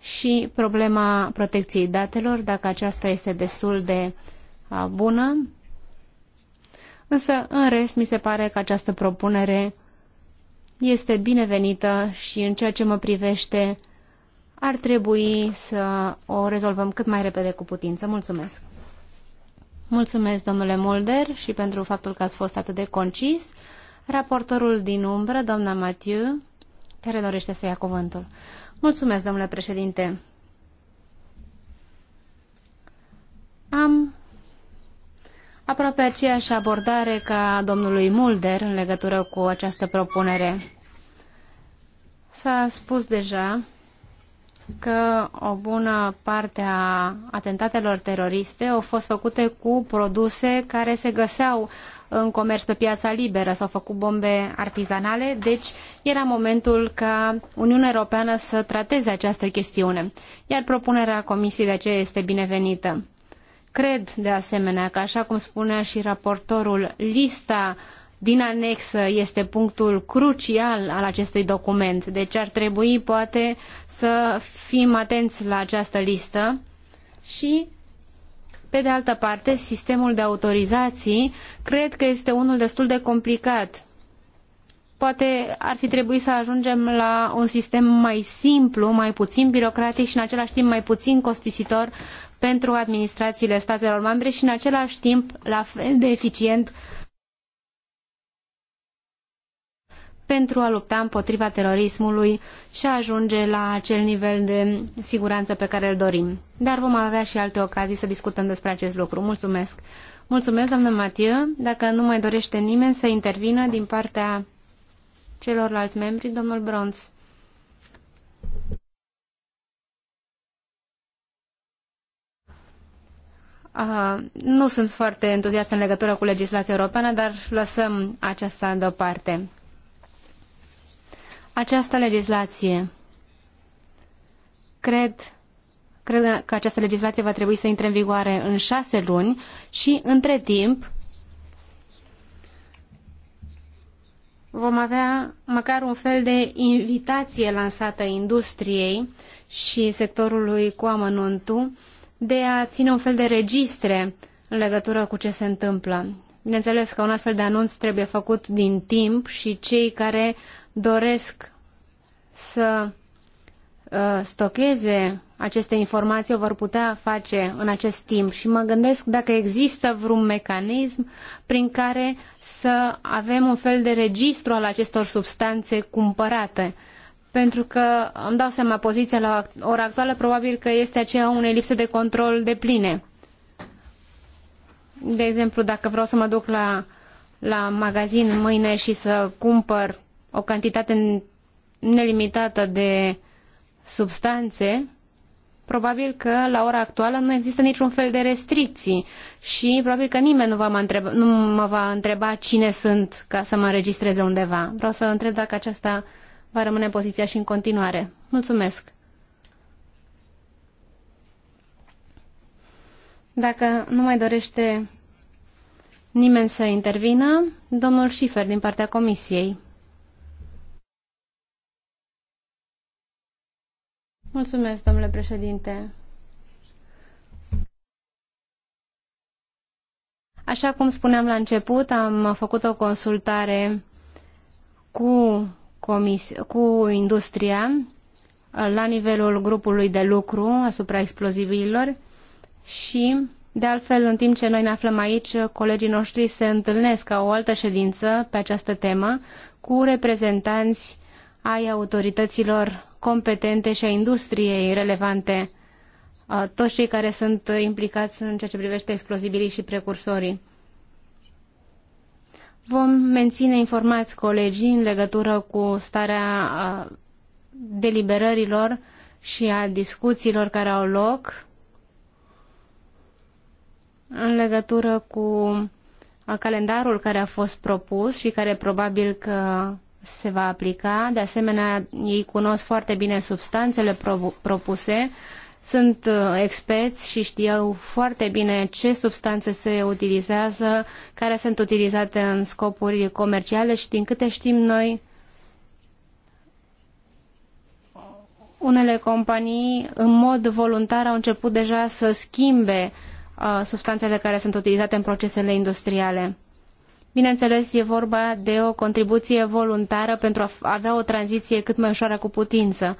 și problema protecției datelor, dacă aceasta este destul de uh, bună. Însă, în rest, mi se pare că această propunere este binevenită și în ceea ce mă privește ar trebui să o rezolvăm cât mai repede cu putință. Mulțumesc! Mulțumesc, domnule Mulder, și pentru faptul că ați fost atât de concis. Raportorul din umbră, doamna Mathieu, care dorește să ia cuvântul. Mulțumesc, domnule președinte. Am aproape aceeași abordare ca domnului Mulder în legătură cu această propunere. S-a spus deja că o bună parte a atentatelor teroriste au fost făcute cu produse care se găseau în comerț pe piața liberă, s-au făcut bombe artizanale, deci era momentul ca Uniunea Europeană să trateze această chestiune, iar propunerea Comisiei de aceea este binevenită. Cred, de asemenea, că, așa cum spunea și raportorul, lista din anexă este punctul crucial al acestui document, deci ar trebui poate să fim atenți la această listă și, pe de altă parte, sistemul de autorizații cred că este unul destul de complicat. Poate ar fi trebuit să ajungem la un sistem mai simplu, mai puțin birocratic și în același timp mai puțin costisitor pentru administrațiile statelor membre și în același timp la fel de eficient pentru a lupta împotriva terorismului și a ajunge la acel nivel de siguranță pe care îl dorim. Dar vom avea și alte ocazii să discutăm despre acest lucru. Mulțumesc! Mulțumesc, doamnă Mathieu. Dacă nu mai dorește nimeni să intervină din partea celorlalți membri, domnul Bronz. Uh, ah, nu sunt foarte entuziastă în legătură cu legislația europeană, dar lăsăm aceasta deoparte această legislație. Cred, cred că această legislație va trebui să intre în vigoare în șase luni și, între timp, vom avea măcar un fel de invitație lansată industriei și sectorului cu amănuntul de a ține un fel de registre în legătură cu ce se întâmplă. Bineînțeles că un astfel de anunț trebuie făcut din timp și cei care doresc să uh, stocheze aceste informații o vor putea face în acest timp și mă gândesc dacă există vreun mecanism prin care să avem un fel de registru al acestor substanțe cumpărate. Pentru că îmi dau seama poziția la ora actuală probabil că este aceea unei lipse de control de pline. De exemplu, dacă vreau să mă duc la, la magazin mâine și să cumpăr o cantitate nelimitată de substanțe, probabil că la ora actuală nu există niciun fel de restricții și probabil că nimeni nu, va mă întreba, nu mă va întreba cine sunt ca să mă înregistreze undeva. Vreau să întreb dacă aceasta va rămâne poziția și în continuare. Mulțumesc! Dacă nu mai dorește nimeni să intervină, domnul Șifer din partea Comisiei. Mulțumesc, domnule președinte. Așa cum spuneam la început, am făcut o consultare cu, comis- cu industria la nivelul grupului de lucru asupra explozibililor și, de altfel, în timp ce noi ne aflăm aici, colegii noștri se întâlnesc ca o altă ședință pe această temă cu reprezentanți ai autorităților competente și a industriei relevante, toți cei care sunt implicați în ceea ce privește explozibilii și precursorii. Vom menține informați colegii în legătură cu starea deliberărilor și a discuțiilor care au loc în legătură cu calendarul care a fost propus și care probabil că se va aplica. De asemenea, ei cunosc foarte bine substanțele propuse, sunt uh, experți și știu foarte bine ce substanțe se utilizează, care sunt utilizate în scopuri comerciale și din câte știm noi, unele companii în mod voluntar au început deja să schimbe uh, substanțele care sunt utilizate în procesele industriale. Bineînțeles, e vorba de o contribuție voluntară pentru a avea o tranziție cât mai ușoară cu putință.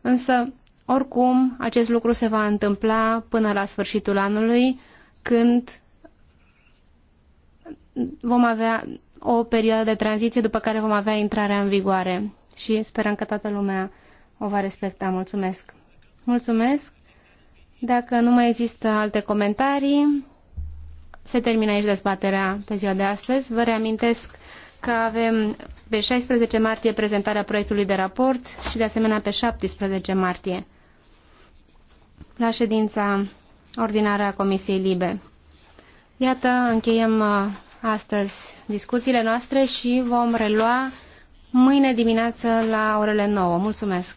Însă, oricum, acest lucru se va întâmpla până la sfârșitul anului, când vom avea o perioadă de tranziție după care vom avea intrarea în vigoare și sperăm că toată lumea o va respecta. Mulțumesc! Mulțumesc! Dacă nu mai există alte comentarii, se termină aici dezbaterea pe ziua de astăzi. Vă reamintesc că avem pe 16 martie prezentarea proiectului de raport și de asemenea pe 17 martie la ședința ordinară a Comisiei Libe. Iată, încheiem uh, astăzi discuțiile noastre și vom relua mâine dimineață la orele 9. Mulțumesc!